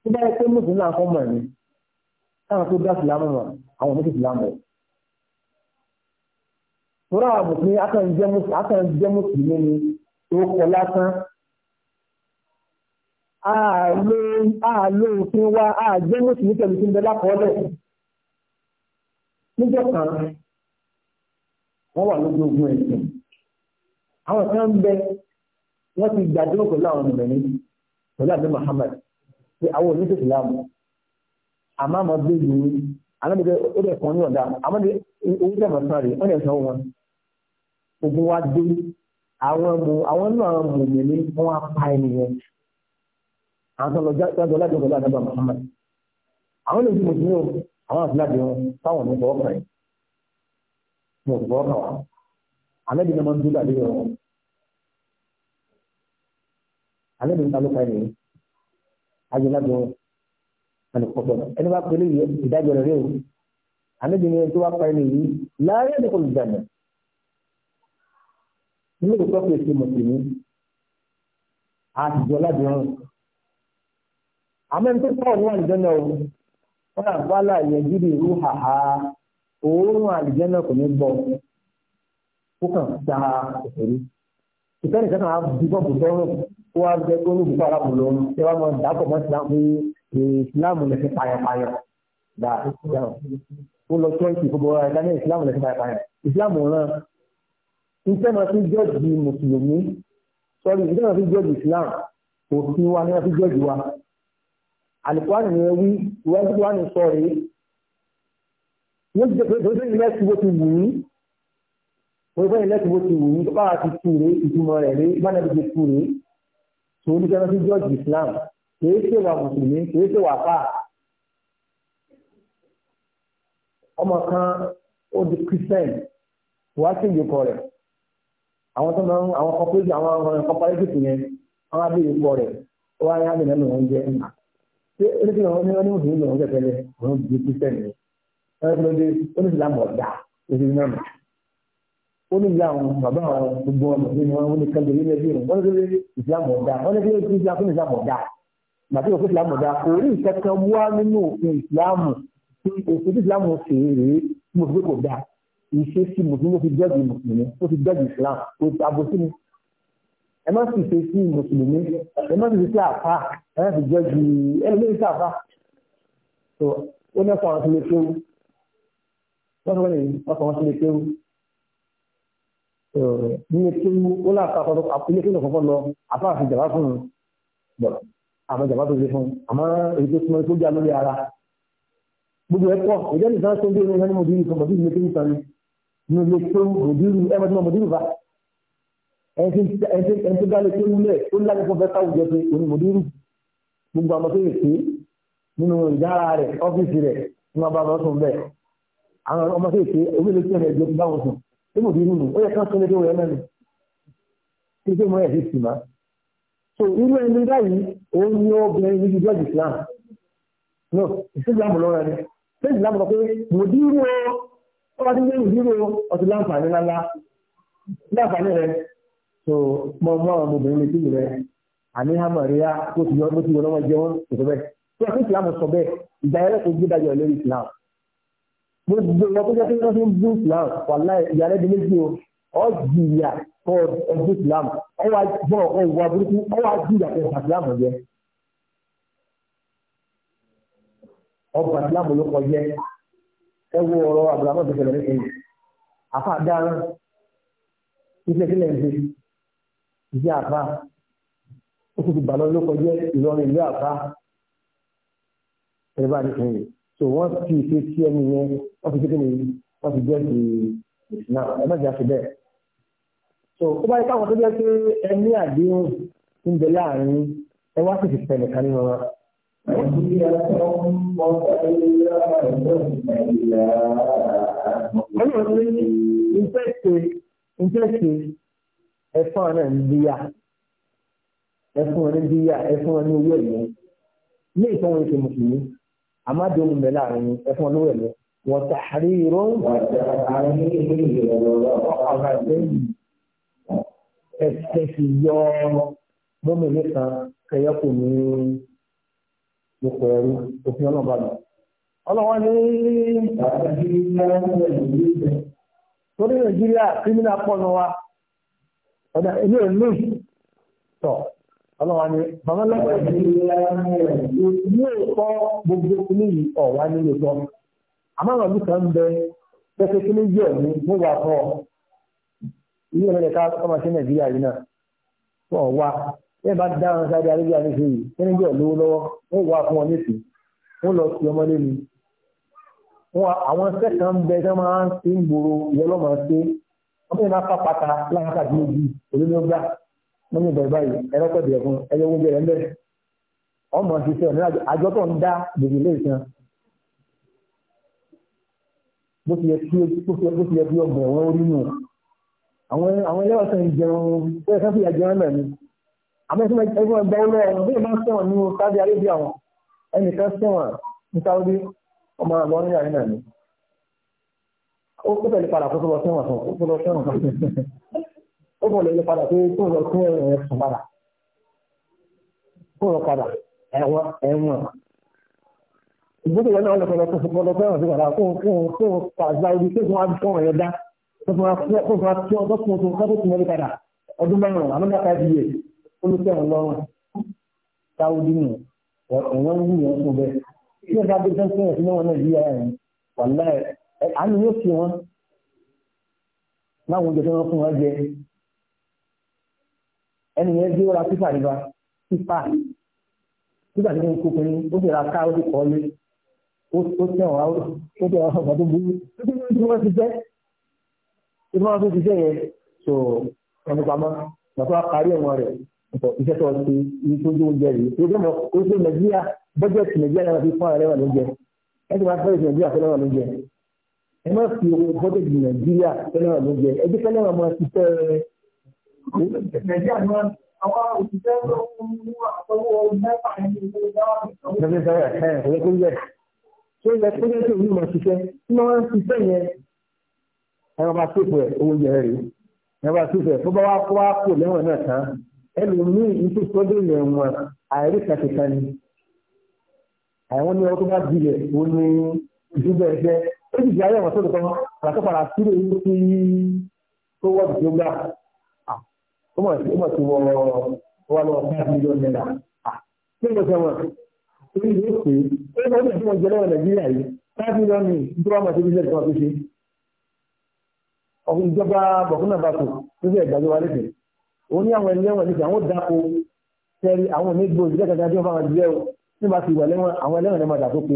S1: tó bá yẹ pé mùsùlùmí náà fọ́n mọ̀ táwọn tó dá ìsìláàmù mọ̀ àwọn mùsùlùmí ìsìláàmù rẹ̀. Tóra àwọn mùsùlùmí akàn mùsùlùmí ni tó kọ lásán ààlò òfin wa ààjẹ́ mùsùlùmí pẹ̀lú tí ń bẹ lákọọ́lẹ̀ níjọ́ kan wọ́n wà lójú ogun ẹ̀sìn àwọn kan ń bẹ wọ́n ti gbàdúrà pẹ̀lú àwọn mẹ̀mẹ́ni pẹ̀lú àbí Muhammad pé àwọn oníṣẹ́ ìsìlámù àmọ́ àmọ́ gbé ìlú alábẹ́gbẹ́ ó dẹ̀ kan ní ọ̀dà àmọ́ owó tẹ̀ mọ̀ sáré wọ́n dẹ̀ sanwó wọn ogun wa dé àwọn náà mọ̀ mẹ̀mí wọ́n á pa ẹnìyẹn àwọn ọjọ́ láti ọ̀dọ̀ àdábà Muhammad àwọn olè ìdíbò sínú àwọn àfúlàdì wọn táwọn ní bọ́ ọkàn ní ọ̀pọ̀ ọkàn wa alẹ́bí ni wọ́n ń dúdà lórí ọ̀rọ̀ alẹ́bí ni alóka ẹni ayé lábẹ́ wọn ẹni pọ̀ gbọ́dọ̀ ẹni bá pẹ̀lú ìdájọ́ rẹ̀ o alẹ́bí ni tó wá pa ẹni yìí láàárín ẹni kò lù dànù nínú ìpọ́pẹ́ ìṣe mùsùlùmí àtijọ́ lábẹ́ wọn àmọ́ ní tó pọ̀ ní àlùjẹ́nà o wọ́n yà bá láàyè gidi ìlú hàhá òórùn àlùjẹ́nà kò ní bọ̀ ó kàn da òṣèré ìfẹ́ nìkan kan á bí bọ́ọ̀bù sọ́rùn ó wá jẹ́ pé olùkọ́ aráàlú ló ń ṣe wá mọ́ dàpọ̀ mọ́ ìsìlámù pé ìsìlámù lè fi payàpayà dà ìsìlámù ó lọ tọ́ǹtì gbogbo ọ̀rọ̀ ẹ̀dá ní ìsìlámù lè fi payàpayà ìsìlámù ràn iṣẹ́ náà fi jọ́ọ̀jì mùsùlùmí sọ́rí iṣẹ́ náà fi jọ́ọ̀jì ìsìlámù òfin wa ni wọ́n fi jọ́ọ̀jì wa àlùkùránì ni wí ìwé àlùkùránì sọ rèé wọ́n ti tó sí ilẹ̀kùn bó ti wù ní wọ́n fẹ́ ilẹ̀kùn bó ti wù ní bá a ti tu rèé ìtumọ̀ rẹ̀ rèé ìbáná ti tu rèé tó ní kẹ́rọ́ sí george islam kìí ṣe wà mùsùlùmí kìí ṣe wà fà ọmọ kan ó di christian wàá sì yìí kọ rẹ̀ àwọn tó máa ń àwọn kọpẹ́jì àwọn ọmọ ẹ̀kọ́ parí kìkì yẹn wọ́n á bí yìí kọ rẹ̀ ó wá yá mi lẹ́nu oúnjẹ ńlá ẹlẹ́sìn ọ̀hún ni wọ́n ní mùsùlùmí lòun kẹ̀kẹ́lẹ́ òun bí kírísítẹ́nì ni ẹlẹ́sìn ọdẹ oníṣìlámù ọ̀dà oṣù náà ó ní ìyáwọn bàbá àwọn gbogbo ọmọ nínú wọn wọ́n ní kẹlẹ́ ilé ẹbí rẹ̀ wọ́n ní kí ìsìlámù ọ̀dà wọ́n ní kí ìsìlámù ọ̀dà màtí òfin ìsìlámù ọ̀dà kò rí ìkẹ́kẹ́ wá nínú òfin ìsìlámù òfin ìsìlámù fèrè mùsùlùmí kò dáa ìṣesí mùsùlùmí ó fi dẹ́gì mùsùlùmí ó fi dẹ́gì ìsìlámù kò àbòsí ni ẹ má sì ṣe sí mùsùlùmí ẹ má sì ṣe sí àfa ẹ má sì jẹ́ ju ẹlẹ́yìn sí àfa tó ó ní ọkọ̀ àwọn sílé kéwú lọ́sọ̀ wọ́n ní ọkọ̀ àwọn sílé kéwú nílé kéwú ó láàfà kọ́ ilé kéwú kọ́kọ́ lọ àfa àfi jàmbá fún un bọ̀ àmọ́ jàmbá tó ṣe fún un àmọ́ èyí tó súnmọ́ tó jà lórí ara gbogbo ẹ̀ pọ̀ ìjẹ́ nìkan tó ń bí ẹni ẹni mo bí ìfọ̀mọ̀ bí ìlé kéwú kan ní ilé kéwú mòdìrú ẹ ẹni tó dálé tó múlẹ̀ ó lágbó fún fẹ́ta òjò pé onímọ̀dúrú gbogbo àwọn tó lè pé nínú ìdára rẹ̀ ọ́fíìsì rẹ̀ ní wọn bá wọn sùn bẹ́ẹ̀ àwọn ọmọ tó lè pé orílẹ̀ tí ẹ̀rẹ̀ ìjọba wọn sùn tó mọ̀ dúró nù ó yẹ kí wọ́n sọ lédè wọ̀nyẹn mẹ́rin tí ṣé mo yẹ fi sì má. so irú ẹni báyìí òun ni obìnrin níbi jọ́ọ̀jì Islam no Islam lọ́rọ̀ ni ṣé Islam sọ pé mòdúró ọ so mọ mọ àwọn ọmọbìnrin létí rẹ àní hàmà rí a bó ti yọ bó ti yọ lọ́wọ́ jẹ wọn kò tó bẹ́ẹ̀ tí wọ́n fi ìsìlámù sọ bẹ́ẹ̀ ìgbà yẹn lẹ́kọ̀ọ́ gbẹ́dájọ́ lórí ìsìlámù gbogbo wọn tó jẹ́ pé wọ́n fi ń bú ìsìlámù wàlá ìyàlẹ́ di méjì o ọ jìyà kọ ẹgbẹ́ ìsìlámù ọwọ́ àjọ ọwọ́ burúkú ọwọ́ àjìyà kọ ìsìlámù jẹ ọba ìsìlámù ló kọ jẹ ẹ wo ọ̀rọ̀ àbúrò àbọ̀ ìsìlámù ìdí àbá ó ti bà lọ́dún kọjá ìlọrin ìlú àbá ẹ̀rọ bá nìkan so wọ́n fi ìfẹ́ sí ẹni yẹn wọ́n fi kékeré wọ́n fi jẹ́ ti ìsìnà ẹ̀ má jà sí bẹ́ẹ̀ so ó bá yẹ káwọn tó jẹ́ pé ẹni àdéhùn ń bẹ láàrin ẹ wá sì ti fẹ̀ nìkan nínú wọn. Ọlọ́run ní ìfẹ́ ṣe ìfẹ́ ṣe ẹfún ọ náà ń bíyà ẹfún ọ ní bíyà ẹfún ọ ní owó ẹ̀yẹ ní ìfún wọn ṣe mùsùlùmí àmàdé ohun bẹ̀ láàrin ní ẹfún ọ lówó ẹ̀yẹ wọ́n ta àrí irọ́ ẹ̀sẹ̀ sì yọ mọ́mọ́ mi kan kẹyọ́kù ní ipò ẹ̀rú òfin ọlọ́ba lọ. ọlọ́wọ́ ní torí Nàìjíríà kírímìnà pọ̀ nù wa ọ̀dà ilé ìlú tọ̀ ọlọ́wà ni bàbá lọ́wọ́ yóò kọ́ gbogbo kìíní yìí ọ̀wá nílé tọ́ àmọ́ àwọn ọdún kan bẹ pẹ́pẹ́ kìíní yìí ọ̀ní mo wà fọ́ ilé ìrẹ́lẹ̀ ká ọmọ sí nàìjíríà yìí náà fọ́ wa ẹ bá dáhùn sáré arábíà ní sèyí kìíní yìí ọ̀lówó lọ́wọ́ wọ́n wà fún ọ nísì wọ́n lọ sí ọmọ lẹ́nu àwọn sẹ́kàn bẹ tí wọ́n máa ń ti ń gbòòrò ìyẹn lọ́mọ ọmọ yẹn máa fa pata láwọn ká dúró ju olómi ọgbà wọn yóò bẹ̀rẹ̀ báyìí ẹ̀rọ pẹ̀ bẹ̀rẹ̀ fún ẹyẹ owó bẹ̀rẹ̀ ńbẹ̀ ọmọ ṣiṣẹ́ ọ̀nà àjọ tó ń dá gbèsè lé ìsan bó ti yẹ bí ọgbọ̀n ẹ̀wọ̀n orí nù àwọn ẹlẹ́wọ̀n sàn jẹun bẹ́ẹ̀ sáfì yà jẹun mẹ́rin àmọ́ ẹ̀sìn ẹgbẹ́ ọgbà ọlọ́ ọ̀hún bí ìbá sẹ̀wọ̀n ní Saudi Arabia wọn ẹnìkan sẹ̀wọ̀n ní Saudi ọmọ àlọ́ ní àrínà ni ó kó tẹ̀lé padà kó tó lọ sẹ́wọ̀n sàn kó tó lọ sẹ́wọ̀n sàn ó kọ̀ lè padà pé kó lọ kó ẹ̀wọ̀n ẹ̀ sùn padà kó lọ padà ẹ̀wọ̀n ẹ̀wọ̀n ìgbésẹ̀ yẹn náà lọ́kọ̀ọ́ lọ́kọ̀ fún ọlọ́pẹ́ ọ̀hún sí padà kó kó kó pàṣẹ ibi tó fún akọ́ ọ̀rẹ́ dá tó fún akọ́ tó fún tó fún akọ́ tó fún ọlọ́pẹ́ padà ọdún márùn-ún àmọ́ náà káàdì yẹ olùkọ́ ẹ̀wọ̀n lọ́rùn sáwùdí nù ẹ̀wọ̀n wù yẹn fún bẹ́ẹ̀ tí ẹ̀ bá dé sẹ́ńtẹ̀ sí náà nàìjíríà ẹ̀ wà láì àánú yóò fi wọn láwọn oúnjẹ tí wọ́n fún wọn jẹ ẹni yẹn gbé ra pípà nípa pípà nígbà tí wọ́n kó pinnu ó sì ra ká ó sì kọ́ lé ó tẹ̀wọ̀n ó tẹ̀wọ̀n ọ̀gbọ̀n tó burú tí wọ́n ti jẹ́ tí wọ́n tó ti jẹ́ yẹn so ẹni pamọ́ nàfọ́ parí ẹ̀wọ̀n rẹ̀ ọ̀pọ̀ iṣẹ́ tó ti ibi tó ń jẹ rèé tó dé mọ̀ ó ṣe nàìjíríà bọ́jẹ̀tì nàìjíríà náà fi fún ààrẹ wà lóúnjẹ ẹ ti máa fẹ́rẹ̀ nàìjíríà fẹ́rẹ̀ wà lóúnjẹ ẹ má fi owó bọ́dẹ̀dì nàìjíríà fẹ́ràn ló jẹ ẹgbẹ́ fẹ́ràn ọmọ ṣiṣẹ́ rẹ. nàìjíríà ni wọn àwọn òṣìṣẹ́ ló ń mú àtọwọ́ mẹ́fà ní ìlú náà. ṣé ṣe ẹ ẹ ẹ kó yẹ ṣé ẹ kó yẹ kí òun máa ṣiṣẹ́ kí wọ́n máa ń ṣiṣẹ́ yẹn ẹ bá ṣèpò ẹ owó yẹ rẹ ẹ bá ṣèpò ẹ tó bá wá kó wá kó lẹ́wọ̀n náà tán ẹlòmíì nítorí sọ́dọ̀ yẹn wọn àìrí kàkẹ́kẹ́ ni àwọn ní ọkọ̀ bá dilẹ̀ ó sì yáyẹ̀ wọ́n sódò kan padà sílé sí tó wọ́ọ̀dù tó gbà ó mọ̀ sí mọ̀ sí wọ́n wọ́n lọ five million naira kí ló fẹ́ wọn torí ìwé pé ó lọ sí ìfún ọjọ́ lọ́wọ́ nàìjíríà yìí five million ní ìdúrà ọmọ tó fi lẹ́ẹ̀kan tó ṣe ọkùnrin ìjọba bọ̀kúnà bàtò tó fẹ́ ìgbàjọ wa lẹ́sẹ̀ òun ní àwọn ẹlẹ́wọ̀n nígbà àwọn dáko tẹ́rí àwọn onígbò ìjọba tí wọ́n bá wọn jẹ́ o nígbà tí ìwà lẹ́wọ̀n àwọn ẹlẹ́wọ̀n náà dà tó pé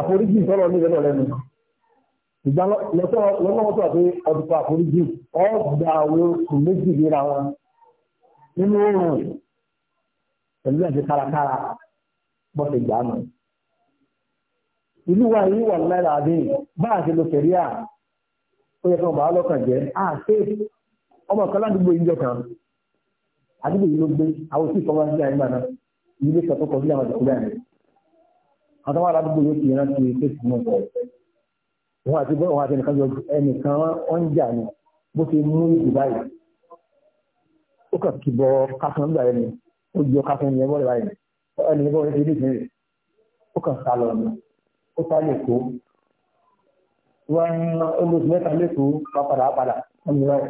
S1: àforíjì tọ́lọ̀ ní ìrẹ́lẹ̀ lẹ́nu ìgbà lọ́wọ́ tó àti ọdúnkọ àforíjì ọgbà àwọn oṣù méjì léra wọn nínú oòrùn pẹ̀lú ẹ̀jẹ̀ kárakára bọ́sẹ̀ ìgbà nù. ìlú wa yìí wà lára àdé bá a ṣe lo kẹ̀ríà ó yẹ kí wọn bá lọ́kàn jẹ́ àṣẹ ọmọ kan ládùúgbò yìí jọ kan àdúgbò yìí ló gbé àwọn tí ìfọwọ́sí àyè gbà náà ilé kan tó kọjú àwọn àwọn àwọn aládùúgbò yóò ti rántí pé kí wọ́n bọ̀ wọn àti bọ́ wọn àti ẹnìkan jọ ẹnìkan wọn ń jà ní bó ṣe mú ìdí báyìí ó kàn kì bọ kásán gbà ẹni ó jọ kásán yẹn bọ́ọ̀lù báyìí ẹni bọ́ ẹni ti dìbò rẹ̀ ó kàn sá lọ ní ó sá lẹ́kọ̀ọ́ wọn olóṣù mẹ́ta lẹ́kọ̀ọ́ bá padà padà wọn ni báyìí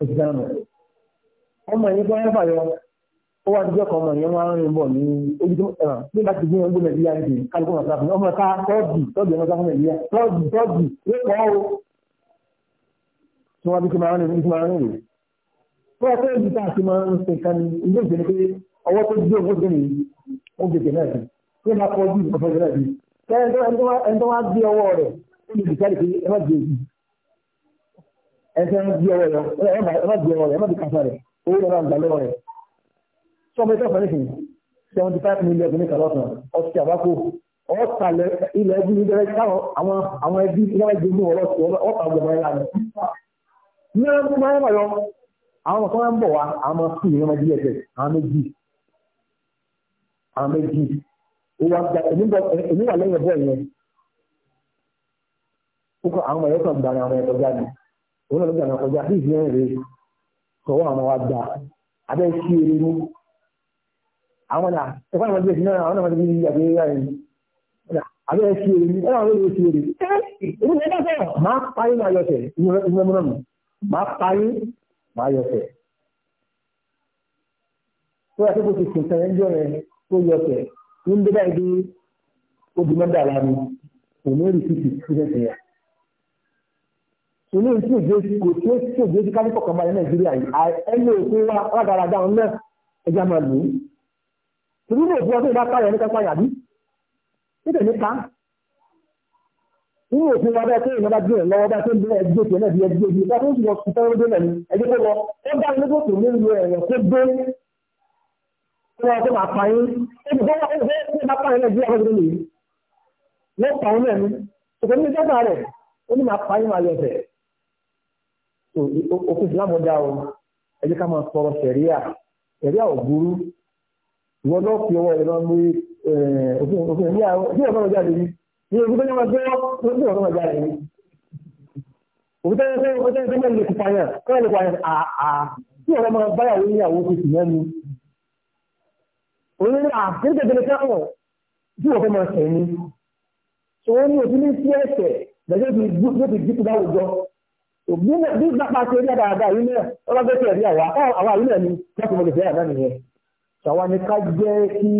S1: ó ti dáná ọmọ yìí bọ́ ẹ fà yọ ó wá dúpẹ́ kan ọmọ yẹn wá rìn bọ̀ ní ojú ẹ̀ràn bí bá ti gbé ẹgbẹ́ nàìjíríà ní ìdílé kálukú náà sáfún ọmọ ká tọ́ọ̀dì tọ́ọ̀dì ọmọ sáfún nàìjíríà tọ́ọ̀dì tọ́ọ̀dì lẹ́pọ̀ o tí wọ́n bí kí máa rìn bí kí máa rìn rè fún ọkọ̀ èyí tá a ti máa ń sin kan ní ilé ìgbéni pé ọwọ́ tó gbé owó gbẹ̀mí ó gbèsè náà sí pé máa kọjú ìfọ̀fọ̀ náà sí ẹni tó wá gbé ọwọ́ rẹ̀ ó lè dìkárì pé ẹ má gbé ẹsẹ̀ ń gbé ọwọ́ rẹ̀ ẹ má gbé ọwọ́ rẹ̀ ẹ má bí kásá máa sọmọ ìfẹ́ fún ìsìn seventy five million ní kàlọ́sàn ọtí àbákò ọ̀ọ́ta ilẹ̀ ẹbí ní bẹ́rẹ̀ káwọn àwọn àwọn ẹbí wọ́n gbé mú ọ̀rọ̀ sí ọ̀ọ́ta ọgbọ̀n ẹ̀yà rẹ̀. ní ọdún máa ń wọ̀yọ́ àwọn kan máa ń bọ̀ wá àwọn máa fún ìyẹn ọmọdé ẹ̀jẹ̀ àwọn méjì àwọn méjì ìwà gba èmi wà lẹ́yìn ẹ̀bọ̀ yẹn. kókò àwọn ẹ̀yọ́ kan gbà àwọn ẹ̀kọ́já ni òun náà ló gbà àwọn ẹ̀kọ́já àwọn ọ̀nà ẹ̀kọ́ àwọn ọmọdé náà àwọn ọmọdé yìí àbí ẹ̀yà rẹ̀ àbí ẹ̀ ṣe èyí ẹ̀rọ àwọn olóòṣè rẹ̀ èmi ní ẹ̀dá máa parí máa yọ tẹ̀ ìyẹn múnà mọ̀ máa parí máa yọ tẹ̀. tó yà tó kò ti sùn tẹ̀ ẹjọ́ rẹ̀ tó yọ tẹ̀ ní ń bẹ́ẹ̀ bí obì mọ́dà lára kò ní rí fífi sílẹ̀ tẹ̀ yà. Sùnú ìtú ìgbésí kò tí ó tí ò gbésí kájú Ìlú lè fi ọdún ìbáta rẹ̀ ní kápá yàbí. Níbẹ̀ níta. Nínú òfin wa bẹ́ẹ̀ tó ìjọba gbé ẹ̀ lọ́wọ́ bá tó ń bẹ ẹgbẹ́ òkè náà bí ẹgbẹ́ òkè bá tó ń sùn ọ̀sùn tẹ́wọ́ délẹ̀ ní ẹgbẹ́ tó lọ. Ó dá ilé gòkè ní ìlú ẹ̀rọ tó gbé wọn tó máa pa yín. Olùkọ́ wa ó fẹ́ ṣe bá pààyàn náà bí ọ̀rọ̀ tó lè yí. Lọ́pọ̀ àwọn ẹ̀mí. Òkè ní ìjọba rẹ̀ ó ní máa pa yín máa yọ ọ̀fẹ́. Òkè ìsìlámù dá o. Ẹ jẹ́ ká máa sọ̀rọ̀ ṣẹ̀ríà. Ṣẹ̀ríà ò burú ìwọ́n fi ọwọ́ ìran lé òfin ní àwọn ọ̀sán ọjà ní ogun wọn gbọ́ ní ọ̀sán ọjà lè òfin tó ní lè kópa yẹn kọ́ lè àà tí ọ̀rọ̀ máa báyàwó ní àwọn oṣù tìyẹn ni òun ní àkéde tẹ̀lé tí wọ́n fẹ́ máa sẹ̀ ni òun ní òfin ní sí ẹ̀sẹ̀ lẹ́jọ́ ti gbó ti dínkù láwùjọ bí gbàgbà ṣe rí àdáadáa yìí náà ọlọ́gbẹ́sẹ̀ rí àwa àwọn àyínà ni kí wọ́n ti mọ̀ ṣàwọn ni ká jẹ́ kí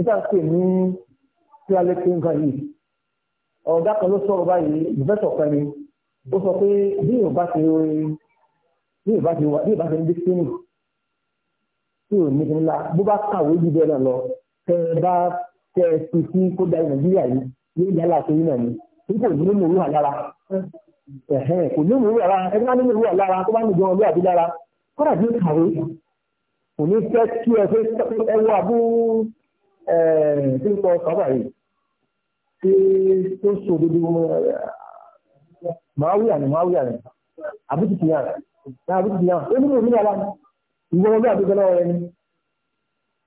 S1: ìtàkì ní tí a lè fi nǹkan yìí ọ̀gá kan ló sọ̀rọ̀ báyìí ìfẹ́sọ̀ kan ni ó sọ pé bí yóò bá ti bí yóò bá ti wà bí yóò bá ti ń dísínì tí ò ní ńlá bó bá kàwé jù bẹ́ẹ̀ náà lọ tẹ bá tẹ fi sí kó da nàìjíríà yìí yóò dá láti yín náà ni tí kò ní mú òwúrà lára kò ní mú òwúrà lára ẹgbẹ́ ní mú òwúrà lára tó bá ní ìjọba olúwàbí lára kọ́dà bí ó kàwé kò ní fẹ́ kí ẹ fẹ́ ẹ wọ abú tí ń lọ sábà yìí tí tó so dodo máa wúyà ni máa wúyà ni àbútù tìyà ní àbútù tìyà ó ní òmìnira wa ìwọ ọgbẹ́ àdúgbò lọ́wọ́ rẹ ni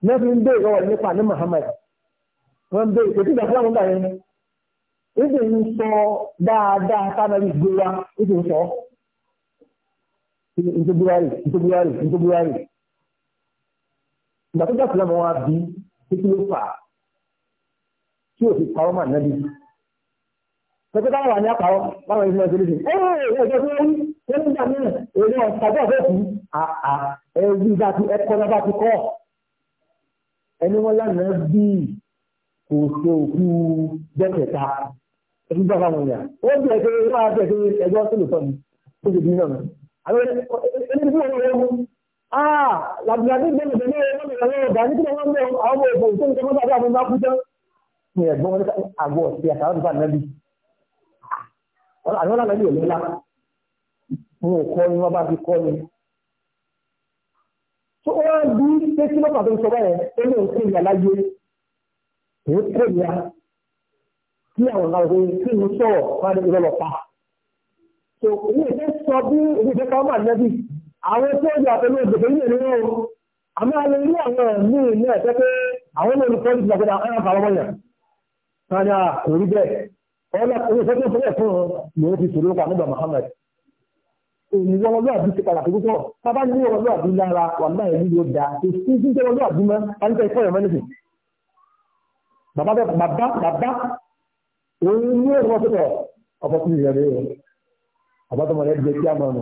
S1: mẹ́fì ń bẹ́ẹ̀ lọ́wọ́ rẹ nípa ní Muhammad wọ́n ń bẹ́ẹ̀ kò tí ìgbà fúláwọn gbà yẹn ìdè ń sọ dáadáa sábàbí gbéra ìdè ń sọ ìdè ń tó gbéra rè ń tó gbéra rè ìgbà tó jáde lọ́mọ wa bí títí ló fà á tí ò fi parọ́ mà nábì. Pẹ̀pẹ́ táwọn wà ní àpárọ̀ báwọn ìlú ọ̀sẹ̀ lóde. Ẹ ẹ ẹ̀jẹ̀ tó ń wọ́n ń gbà mìíràn èrè ọ̀sàgbọ́ ọ̀fẹ́ kù àà ẹ̀rí bá ti ẹ̀kọ́ náà bá ti kọ́. Ẹni wọ́n lánàá bí kò so òkú jẹ́kẹ̀ta ẹ̀rí bá fáwọn èèyàn. Ó ń bẹ̀rẹ̀ pé ó máa bẹ̀rẹ̀ pé ẹjọ́ sílùtọ́ ni ó ti bí náà. Àwọn ẹni tí wọ́n Ah, làbìlàbí gbẹ̀mí tẹ̀lé ẹgbẹ̀mí tẹ̀lé ẹgbà ní kí wọ́n mú àwọn ọmọ ìfọ̀ ìfọ̀ ìfọ̀ ìfọ̀ àwọn ọmọ akú tán. Ní ẹ̀gbọ́n wọn ní àgọ́ ti àtàwọn ìfọ̀ ànábì. Àwọn ànábì òní ńlá. Wọn ò kọ́ ni wọ́n bá fi kọ́ ni. Tó o wá bí pé kí lọ́pàá tó ń sọ báyẹn, ó ní òun kò ní aláyé àwọn tó ń gbà pẹ̀lú ìgbèkè yìí nínú wọn a máa lè rí àwọn ẹ̀mí ní ẹ̀tẹ́ pé àwọn olùkọ́ ti gbà pẹ̀lú àwọn àwọn ọmọnyà sáyà kò rí bẹ́ẹ̀ ọlọ́ oníṣẹ́ tó fẹ́rẹ̀ fún wọn ni ó ti sòrò pa nígbà Muhammad èyí wọn lọ́wọ́ àbí ti pàtàkì púpọ̀ bàbá ní wọn lọ́wọ́ àbí lára wà láì ní yóò dáa kò sí sí wọn lọ́wọ́ àbí mọ́ àníkà ìfọ́ ìrọ̀mọ́ nìkan bàbá bàbá bàbá òun ní ọ̀rọ̀ tó tọ̀ ọ̀pọ̀ sí ìrẹ̀lẹ̀ bàbá tó mọ̀ lẹ́gbẹ̀ẹ́ kí á mọ̀ nù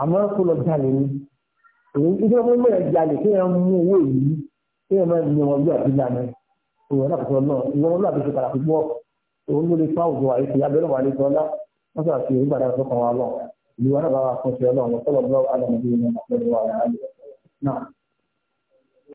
S1: àmọ́ kó lọ jalè ni ìjọba fún mi jalè kí wọ́n mú owó yìí kí wọ́n máa ní wọn bí àti ìlànà ìwọ̀n náà náà ìwọ̀n náà àti ìṣèkàrà púpọ̀ òun ló lè fa òjò àìsí abẹ́rẹ́ wà lẹ́sọ̀ ọlá wọ́n sọ àti ìgbà dára tó kàn wá lọ ìlú wọn náà bá wà fún ṣe ọlọ́run tọ́lọ̀ bọ́